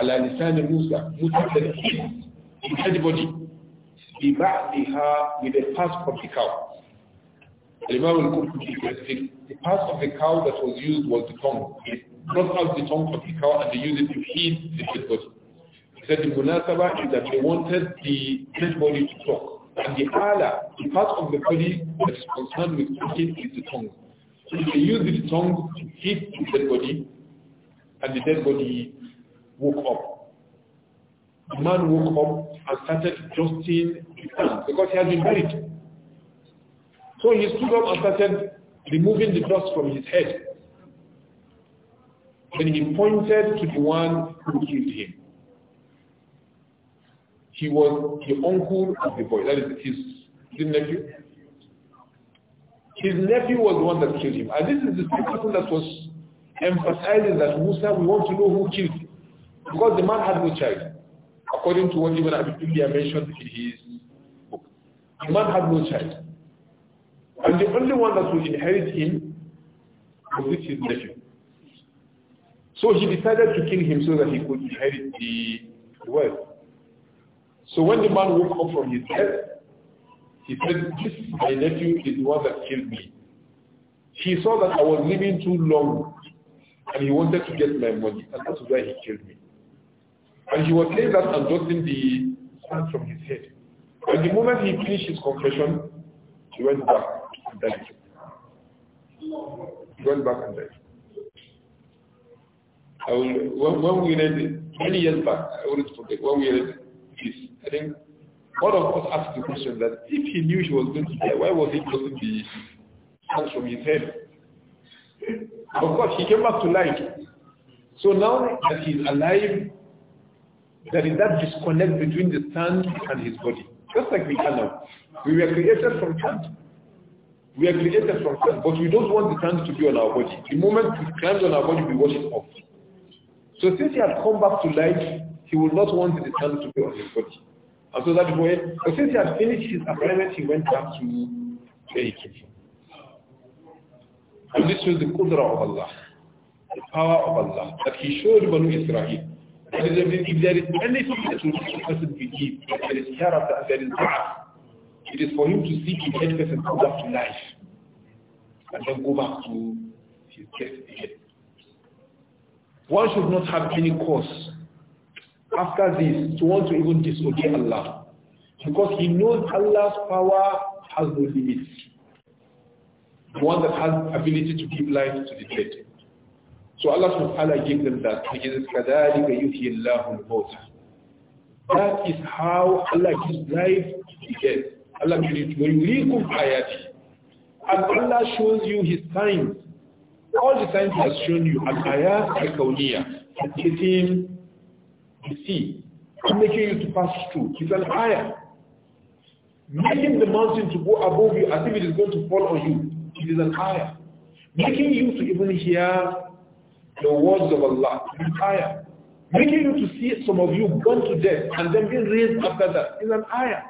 على لسان موسى موسى said, hit his بِبَعْدِهَا with a pass from the Imam al-Qurtubi said, the part of the cow that was used was the tongue. They brought out the tongue of the cow and they used it to feed the dead body. He said the munasaba is that they wanted the dead body to talk. And the ala, the part of the body that is concerned with talking is the tongue. So they used the tongue to feed the dead body and the dead body woke up. The man woke up and started adjusting the hand because he had been buried. So he stood up and started removing the dust from his head. Then he pointed to the one who killed him. He was the uncle of the boy. That is his, his nephew. His nephew was the one that killed him. And this is the same person that was emphasizing that Musa, we want to know who killed him. Because the man had no child, according to what Ibn Abi mentioned in his book. The man had no child. And the only one that will inherit him was his nephew. So he decided to kill him so that he could inherit the wealth. So when the man woke up from his death, he said, this, my nephew, is the one that killed me. He saw that I was living too long and he wanted to get my money and that's why he killed me. And he was saying that and dusting the sand from his head. And the moment he finished his confession, he went back and died. He went back and died. I will, when, when we read it, many years back, I wouldn't forget, when we read this, I think one of us asked the question that if he knew he was going to die, why was he closing the hands from his head? Of course, he came back to life. So now that he's alive, there is that disconnect between the sand and his body. Just like we are now. We were created from sand. We are created from sand, but we don't want the sand to be on our body. The moment it climbs on our body, we wash it off. So since he had come back to life, he would not want the sand to be on his body. And so that way, but since he had finished his assignment, he went back to where he came from. And this was the Qudra of Allah, the power of Allah, that he showed Banu Israel. That if there is anything that will make a person believe, that there is character, there is trust. It is for him to seek the dead and come back to life and then go back to his death again. One should not have any cause after this to want to even disobey Allah because he knows Allah's power has no limits. The one that has ability to give life to the dead. So Allah subhanahu wa ta'ala gave them that. He كَذَلِكَ يُحْيِ اللَّهُ الْمَوْتَ That is how Allah gives life to the dead. Allah made it وَيُرِيكُمْ And Allah shows you His signs. All the signs He has shown you. Al-ayat al-kawniya. Getting to see. am making you to pass through. It's an ayah. Making the mountain to go above you as if it is going to fall on you. It is an ayah. Making you to even hear the words of Allah. It is an ayah. Making you to see some of you gone to death and then being raised after that. It's an ayah.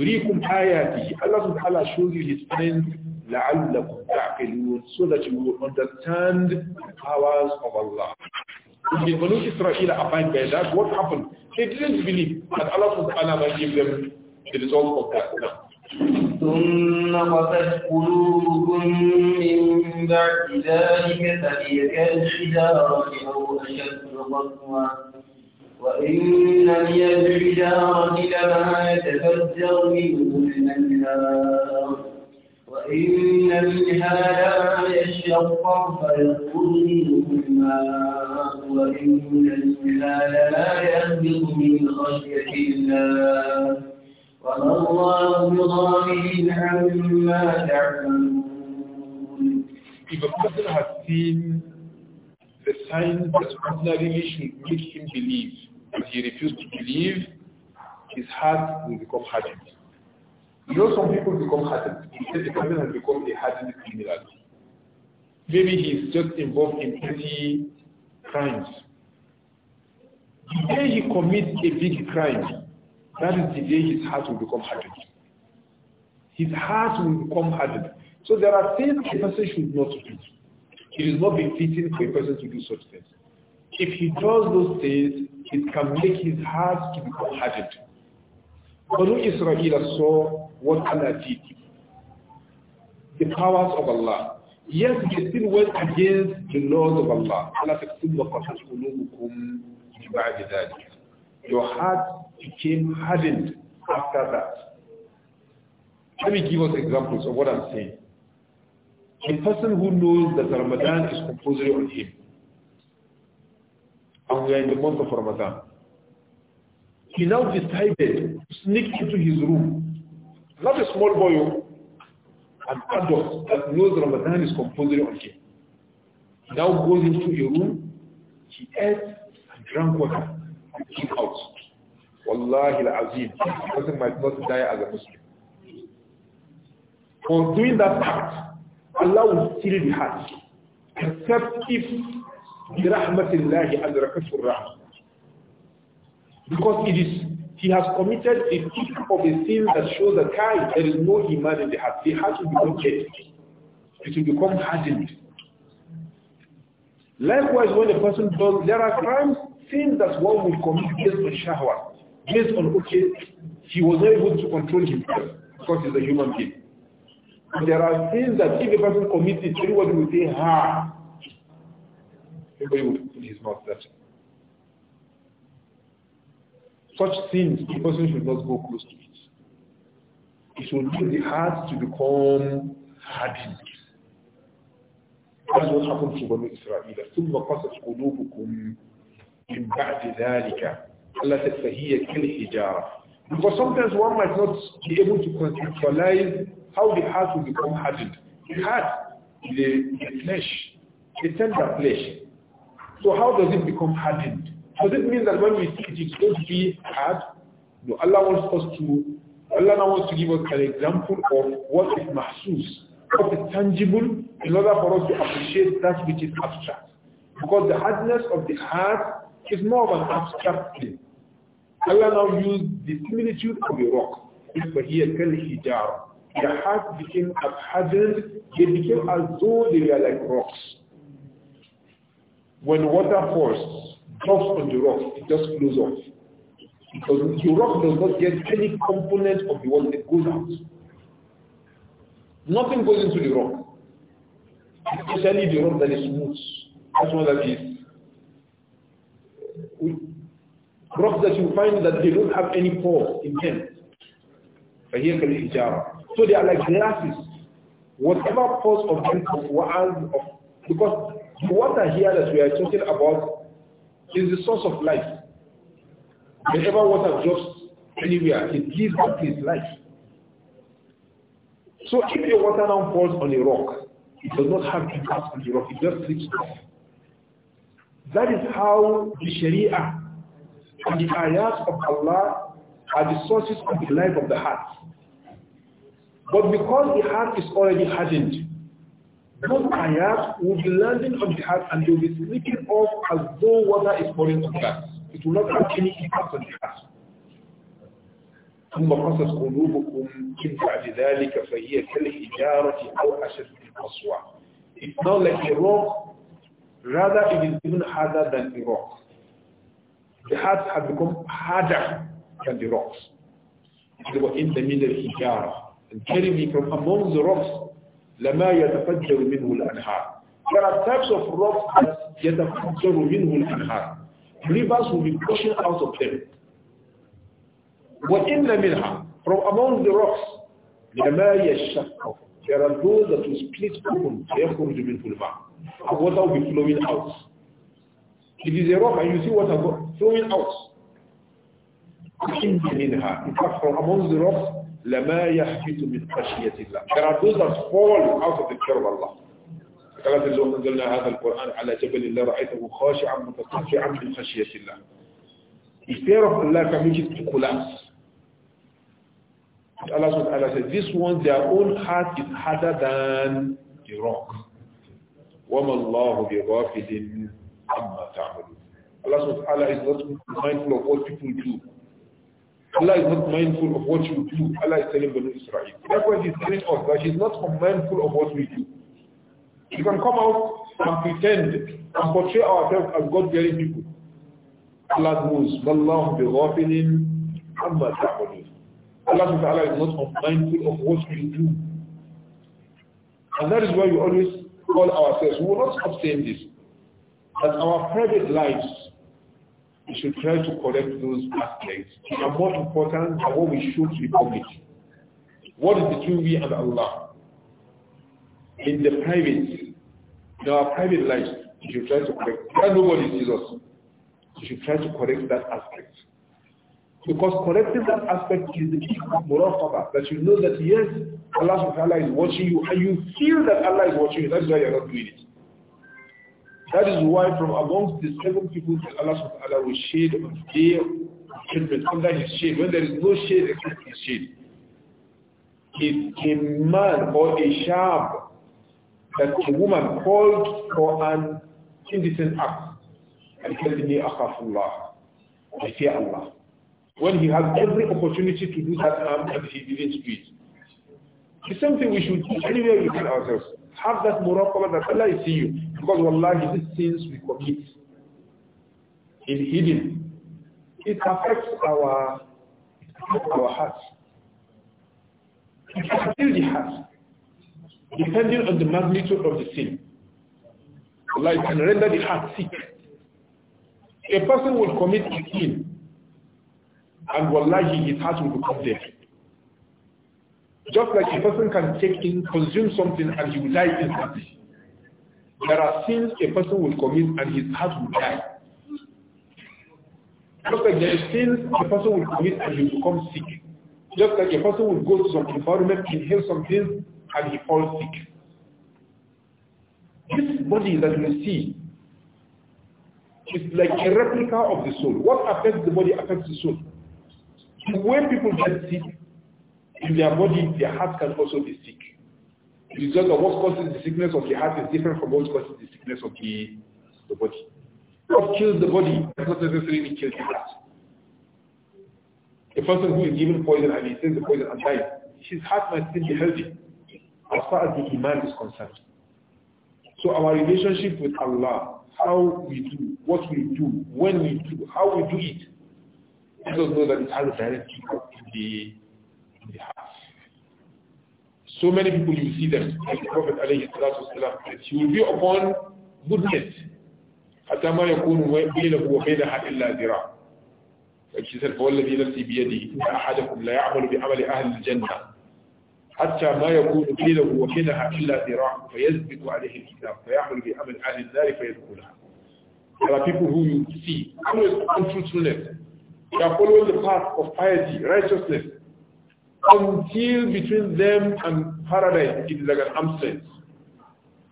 يريكم آياته الله سبحانه wa shows you his signs la'allakum ta'qilun so that you will understand the powers of Allah the Banu Israel abide by that what happened they didn't believe that Allah subhanahu wa give them the result of that no. ثم قست قلوبكم من بعد ذلك فهي كالحجارة أو أشد قسوة وإن من الحجارة لما يتفجر منه الأنهار وإن منها لما يشرق فيخرج منه الماء وإن منها لما يهبط من خشية الله وما الله بظالم عما تعملون If a person has seen the signs that ordinarily should make him believe that he refused to believe, his heart will become hardened. You know some people become hardened. He said the person has become a hardened criminal. Maybe he's just involved in petty crimes. The day he commits a big crime, that is the day his heart will become hardened. His heart will become hardened. So there are things a person should not do. It is not befitting for a person to do such things. If he does those things, it can make his heart to become hardened. Banu Israel saw what Allah did, the powers of Allah. Yes, they still went against the laws of Allah. Your heart became hardened after that. Let me give us examples of what I'm saying. A person who knows that Ramadan is compulsory on him, and we are in the month of Ramadan. He now decided to sneak into his room. Not a small boy, oh, an adult that knows Ramadan is compulsory on him. He now goes into a room, he ate and drank water and came out. Wallahi al-Azim, this person might not die as a Muslim. For doing that act, Allah will still be hurt, except if birahmatillahi adrakatul rahmah. Because it is, he has committed a peak of a sin that shows the kind there is no iman in the heart. The heart will become dead. It will become hardened. Likewise, when a person does, there are crimes, sins that one will commit based on shahwa, based on, okay, he was not able to control himself because he's a human being. But there are sins that if a person commits it, everybody will say, ha, Hollywood is not that. Such things, the person should not go close to it. It will lead the heart to become hardened. That's what happened to Banu Israel. ثم Because sometimes one might not be able to conceptualize how the heart will become hardened. The heart, the, the flesh, the tender flesh. So how does it become hardened? Does it mean that when we see it, it's going to be hard? No, Allah wants us to, Allah now wants to give us an example of what is mahsus, what is tangible, in order for us to appreciate that which is abstract. Because the hardness of the heart is more of an abstract thing. Allah now used the similitude of a rock. But here, the heart became hardened, they became as though they were like rocks. When water falls, drops on the rock, it just flows off. Because the rock does not get any component of the water that goes out. Nothing goes into the rock. Especially the rock that is smooth. That's one that is. Uh, rocks that you find that they don't have any pores in them. So they are like glasses. Whatever pores of them, because the water here that we are talking about is the source of life. Whenever water drops anywhere, it gives out its life. So if the water now falls on a rock, it does not have impact on the rock, it just slips off. That is how the Sharia and the ayat of Allah are the sources of the life of the heart. But because the heart is already hardened, those ayahs will be landing on the earth and they will be slipping off as though water is falling on the It will not have any impact on the earth. ثم قصت قلوبكم من بعد ذلك فهي كالحجارة أو أشد قسوة. It's not like a rock, rather it is even harder than a rock. The heart has become harder than the rocks. They were in the middle of the jar and carry me from among the rocks لما يتفجر منه الأنهار There are types of rocks that يتفجر منه الأنهار Rivers will be pushing out of them. وإن منها From among the rocks لما يشقق There are those that will split open فيخرج منه الماء And water will be flowing out. It is a rock and you see water flowing out. وإن منها In fact, from among the rocks لما يحبط من خشية الله There are those that fall out of the fear of Allah قالت لو نزلنا هذا القرآن على جبل الله رأيته خاشعا متصفعا من خشية الله The fear of Allah can make it to collapse Allah said, Allah said, this one, their own heart is harder than the rock. وَمَا اللَّهُ بِغَافِلٍ عَمَّا تَعْمَلُونَ Allah subhanahu wa is not mindful of what people do. Allah is not mindful of what you do. Allah is telling Banu Israel. why He's telling us that He's not mindful of what we do. We can come out and pretend and portray ourselves as God-fearing people. Allah knows. Allah Allah is not mindful of what we do. And that is why we always call ourselves, we will not stop saying this, that our private lives we should try to correct those aspects which are more important than what we should to What is between we and Allah? In the private, in our private life, we should try to correct. Where nobody sees us, we should try to correct that aspect. Because correcting that aspect is the key of muraqabah, that you know that yes, Allah subhanahu wa ta'ala is watching you, and you feel that Allah is watching you, that's why you're not doing it. That is why from amongst the seven people that Allah subhanahu wa ta'ala will shade on the day of judgment under his shade, when there is no shade except his shade. If a man or a sharp that a woman called for an indecent act, and he Allah, I fear Allah. When he has every opportunity to do that act, um, and he didn't do it. It's something we should do anywhere we ourselves. Have that muraqabah that Allah is seeing you. Because wallahi, these sins we commit in hidden, it affects our, our hearts. It can kill the heart, depending on the magnitude of the sin. Like can render the heart sick. A person will commit a sin, and wallahi, his heart will become dead. Just like a person can take in, consume something, and he will die instantly. There are sins a person will commit and his heart will die. Just like there are sins a person will commit and he will become sick. Just like a person will go to some environment, inhale some things, and he falls sick. This body that we see is like a replica of the soul. What affects the body affects the soul. When people get sick in their body, their heart can also be sick. Result of what causes the sickness of the heart is different from what causes the sickness of the, the body. What kills the body does not necessarily kill the heart. The person who is given poison and he takes the poison and dies, his heart might still be healthy as far as the demand is concerned. So our relationship with Allah, how we do, what we do, when we do, how we do it, let us know that it has a direct impact in the, in the heart. So many people you see them, like the Prophet alayhi salatu wasalam, he will be upon goodness. حتى ما يكون بينه وبينها إلا ذراع. She said, فوالذي نفسي بيده إن أحدكم لا بعمل أهل الجنة حتى ما يكون بينه وبينها إلا ذراع فيسبق عليه الكتاب فيعمل بعمل أهل النار فيدخلها. There are people who you see always on truthfulness. They are following the path of piety, righteousness until between them and paradise it is like an arm's length.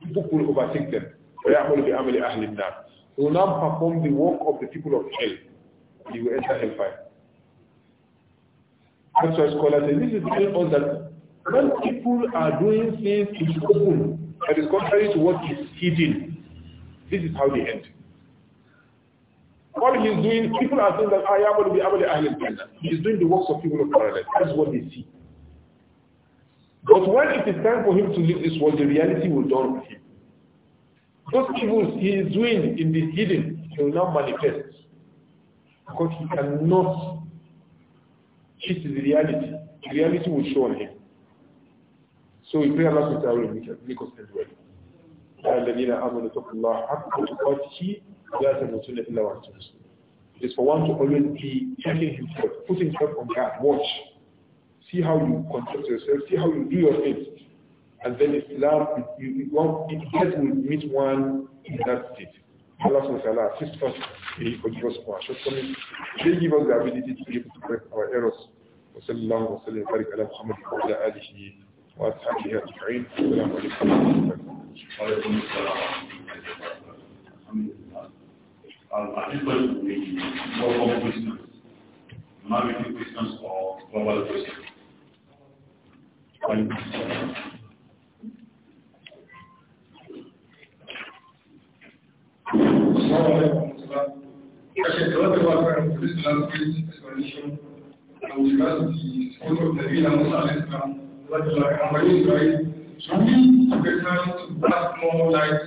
People will overtake them. They will now perform the work of the people of hell. They will enter hellfire. That's why scholars say this is telling us that when people are doing things in open, that is contrary to what is hidden, this is how they end. What he's doing, people are saying that I am going to be able to He's doing the works of people of paradise. That's what they see. But when it is time for him to leave this world, the reality will dawn on him. Those evils he is doing in the hidden, will now manifest. Because he cannot cheat the reality. The reality will show on him. So we pray Allah subhanahu wa ta'ala make us end well. That's تموتن إلا وأنتم مسلمون It is for one to always be checking himself, putting himself on guard, watch, see how you conduct yourself, see how you do your things. And then Islam, it, you, one, it gets will meet one in that state. Allah SWT assist first, He forgive us for our shortcomings. He give us the ability to be able to correct our errors. وصلى الله وسلم وبارك على محمد وعلى آله وأصحابه أجمعين. السلام عليكم ورحمة الله وبركاته particularly with global questions, humanity questions or global questions. this the Should we better to pass more light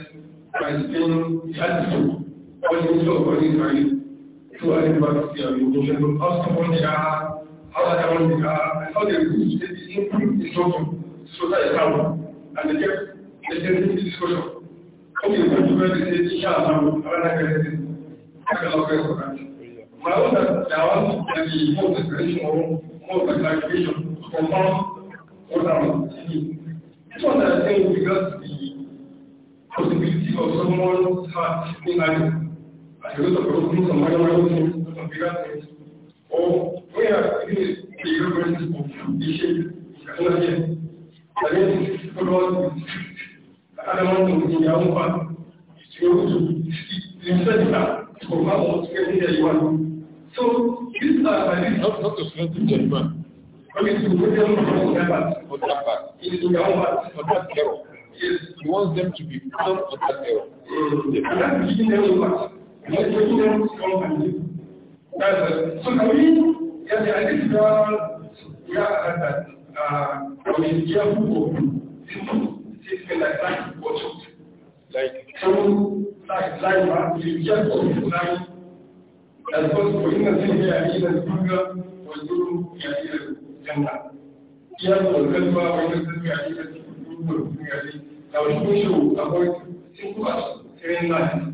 by saying the attitude wọ́n ti sọ ọ̀pọ̀ ní ìparí tí wọ́n ti bá ti àmì òṣèlú ọ̀sọ̀pọ̀ ní ara alájáwọn ní ara ẹ̀sọ́dẹ̀ ìrúsì ní improve instruction social account and the depth and the depth discussion ó yẹ kó jù bẹ́ẹ̀ I ṣe not alájáfẹ́sẹ̀ akẹ́lọ́fẹ́ sọ̀rọ̀ My own allowance can be more preparation or more clarification to confirm what I'm seeing. This one I think because the possibility of someone's heart being you you not So, Not, to spend the gentleman. I mean, to put them on their part. On their He wants them to be calm Let the students come and live. That's it. So for me, yes, I think we are, we are, uh, we should careful of things like life workshops. Like, so, like, life, we should careful of life. That's what, for instance, here, I mean, as Buddha, for you, I mean, as Jannah. Here, for Kalpa, for instance, I mean, as Buddha, for you, I mean, now, we should avoid simple actions, train life.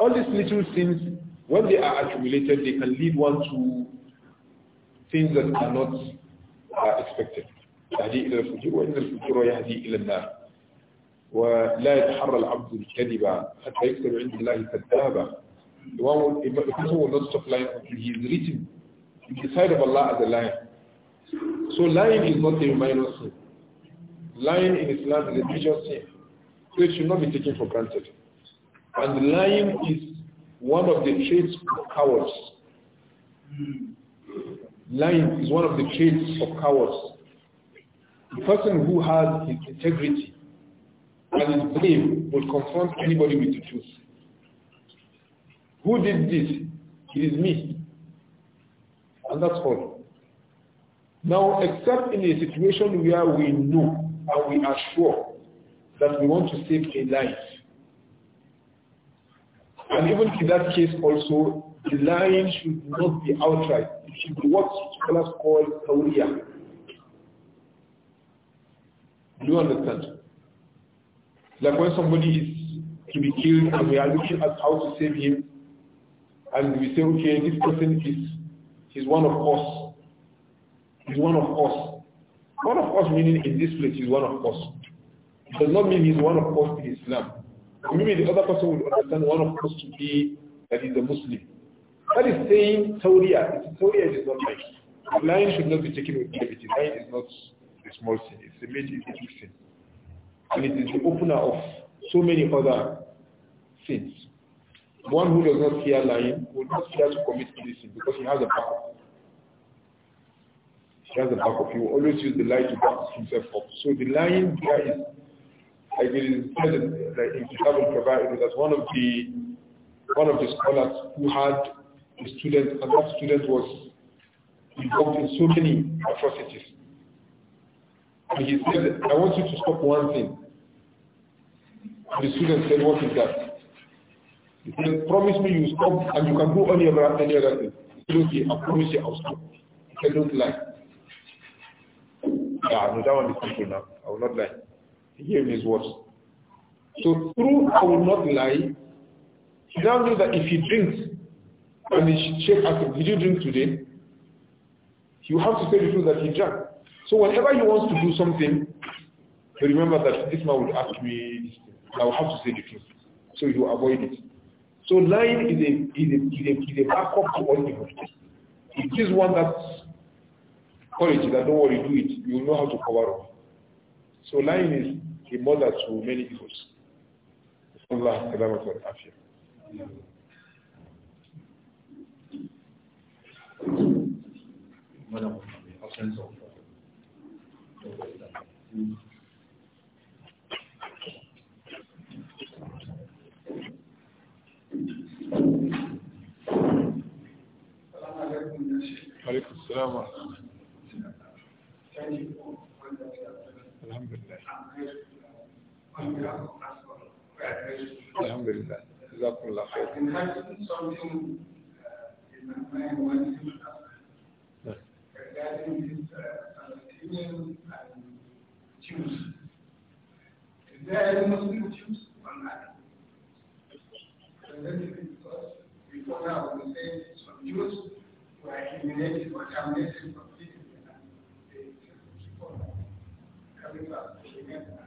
all these little things, when they are accumulated, they can lead one to things that are not uh, expected. ولا يتحرى العبد الكذب حتى يكتب عند الله كذابا The one will not stop lying until he is written in the sight of Allah as a liar. So lying is not a minor sin. Lying in Islam is a major sin. So it should not be taken for granted. And lying is one of the traits of cowards. Lying is one of the traits of cowards. The person who has his integrity and his brave will confront anybody with the truth. Who did this? It is me. And that's all. Now, except in a situation where we know and we are sure that we want to save a life, and even in that case also, the lying should not be outright. It should be what scholars call tawriya. Do you understand? Like when somebody is to be killed and we are looking at how to save him, and we say, okay, this person is he's one of us. He's one of us. One of us meaning in this place is one of us. It does not mean he's one of us in Islam. Maybe the other person will understand one of us to be that is a Muslim. That is saying Tawriya. It's Tawriya is not like Lying should not be taken with levity. Lying is not a small sin. It's a major sin. And it is the opener of so many other sins. One who does not fear lying will not fear to commit any sin because he has a backup. He has a backup. He will always use the lie to back himself up. So the lying there is I will said it like in Kitab al-Kaba'ir that one of the one of the scholars who had a student and that student was involved in so many atrocities. And he said, I want you to stop one thing. And the student said, what is that? He said, promise me you stop and you can do any other, any other thing. He said, okay, I promise you I'll stop. He said, don't lie. Yeah, no, that one is simple now. I will not lie hear his words. So through I will not lie, he now knew that if he drinks, and he sheikh asked him, did you drink today? You have to say the truth that he drank. So whenever he wants to do something, remember that this man would ask me I will have to say the truth. So you avoid it. So lying is a, is a, is a, is a backup to all evil. It is one that courage that don't worry, do it. You know how to cover up. So lying is he murdered to many Igbos. Allah Salamat wa Afia. عليكم Alhamdulillah. Jazakumullah something in my mind when you asked regarding this Palestinian and Jews. Is there any Muslim Jews on earth? Because before now we say some Jews were eliminated or terminated completely and they keep on coming back to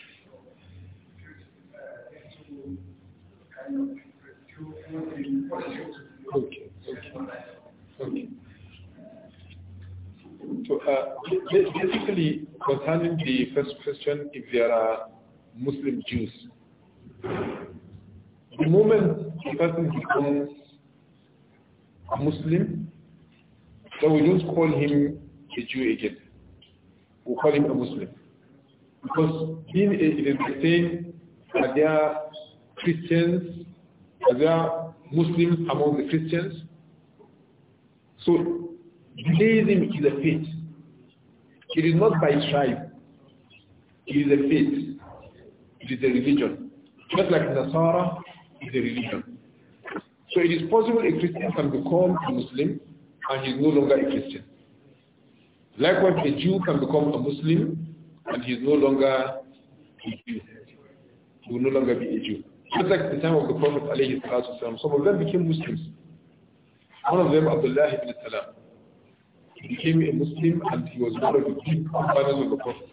Okay. So, uh, basically, concerning the first question, if there are Muslim Jews, the moment a person becomes a Muslim, then we don't call him a Jew again. We call him a Muslim. Because being a, it is the same, are there Christians, are there Muslims among the Christians? So Judaism is a faith. It is not by tribe. It is a faith. It is a religion. Just like Nasara is a religion. So it is possible a Christian can become a Muslim and he is no longer a Christian. Likewise, a Jew can become a Muslim and he is no longer a Jew. He will no longer be a Jew. Just like the time of the Prophet, some of them became Muslims. One of them, Abdullah ibn Salam, became a Muslim and he was one of the key companions of the Prophet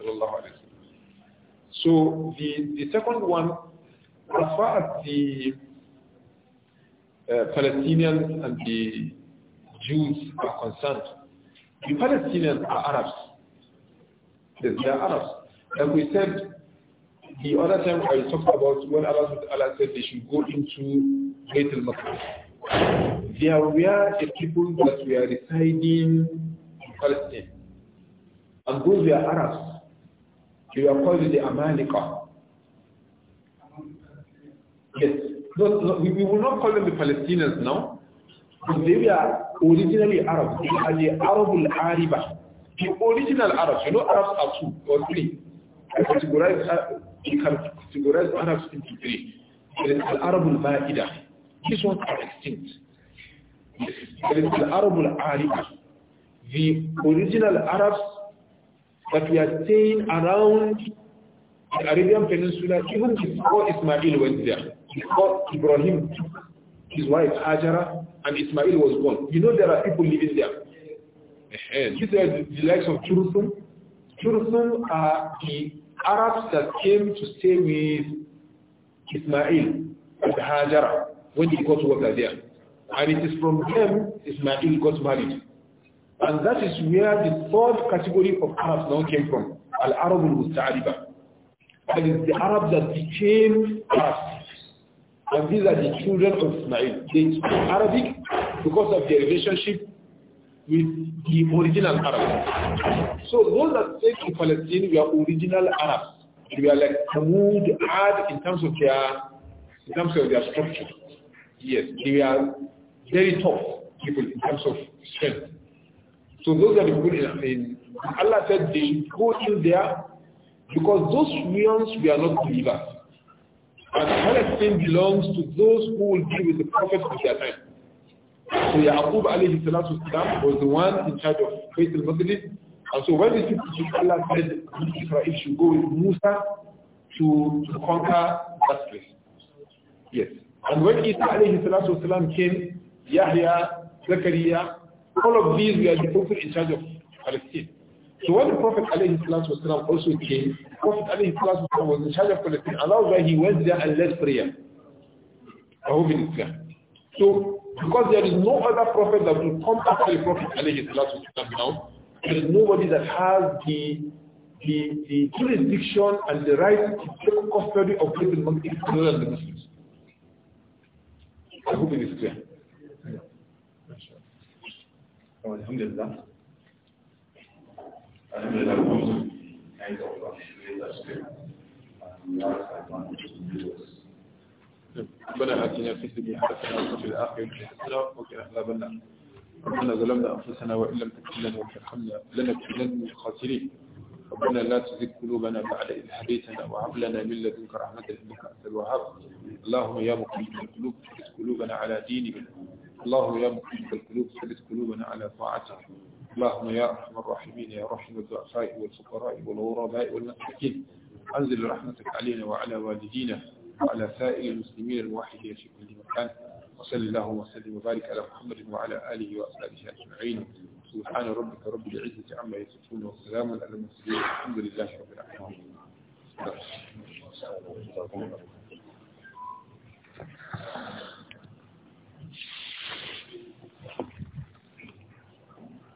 So the, the second one, as far as the uh, Palestinians and the Jews are concerned, the Palestinians are Arabs. they are Arabs. and we said the other time I talked about when Allah, Allah said they should go into Beit al there were the people that were residing in Palestine. And those were Arabs. They were called the Amalika. Yes. No, no, we, we will not call them the Palestinians now. But they were originally Arabs. They are the Arabul Ariba. The original Arabs. You know Arabs are two or three. you uh, can categorize Arabs into three. There is Al-Arabul these ones are extinct. There is the Arabul the original Arabs that we are seeing around the Arabian Peninsula even before Ismail went there, before Ibrahim his wife Hajara and Ismail was born. You know there are people living there. These are the likes of Jerusalem. Jerusalem are the Arabs that came to stay with Ismail and Hajarah when he got water there. And it is from them Ismail got married. And that is where the third category of Arabs now came from, Al-Arab al-Musta'ariba. That it's the Arabs that became Arabs. And these are the children of Ismail. They speak Arabic because of their relationship with the original Arabs. So those that stay in Palestine are original Arabs. They are like Tamud, Ad in terms of their in terms of their structure. Yes, they are very tough people in terms of strength. So those are the people in, in Allah said they go in there because those we were not believers. And Palestine belongs to those who will be with the Prophet of their time. So Yaqub alayhi salatu was the one in charge of Faith Muslims. And so when the people Allah said Israel should go with Musa to, to conquer that place. Yes. And when Isa alayhi salatu wasalam came, Yahya, Zakaria, all of these were the people in charge of Palestine. So when the Prophet alayhi salatu wasalam also came, the Prophet alayhi salatu wasalam was in charge of Palestine. Allah why he went there and led prayer. So because there is no other prophet that will come after the Prophet alayhi salatu wasalam now, there is nobody that has the the, the jurisdiction and the right to take custody of people among the Muslims. هو بالنسبة الحمد لله الحمد لله ربنا آتنا في الدنيا حسنة وفي الآخرة حسنة وقنا عذاب النار ربنا ظلمنا أنفسنا وإن لم تكن لنا وترحمنا لنكونن من الخاسرين ربنا لا تزغ قلوبنا بعد إذ هديتنا وهب لنا من لدنك رحمة إنك أنت الوهاب اللهم يا مقلب القلوب ثبت قلوبنا على دينك اللهم يا مقلب القلوب ثبت قلوبنا على طاعتك اللهم يا أرحم الراحمين يا رحم الضعفاء والفقراء والغرباء والمساكين أنزل رحمتك علينا وعلى والدينا وعلى سائر المسلمين الموحدين في كل مكان وصلى اللهم وسلم وبارك على محمد وعلى آله وأصحابه أجمعين سبحان ربك رب العزة عما يصفون وسلاما على المسلمين الحمد لله رب العالمين Thank you.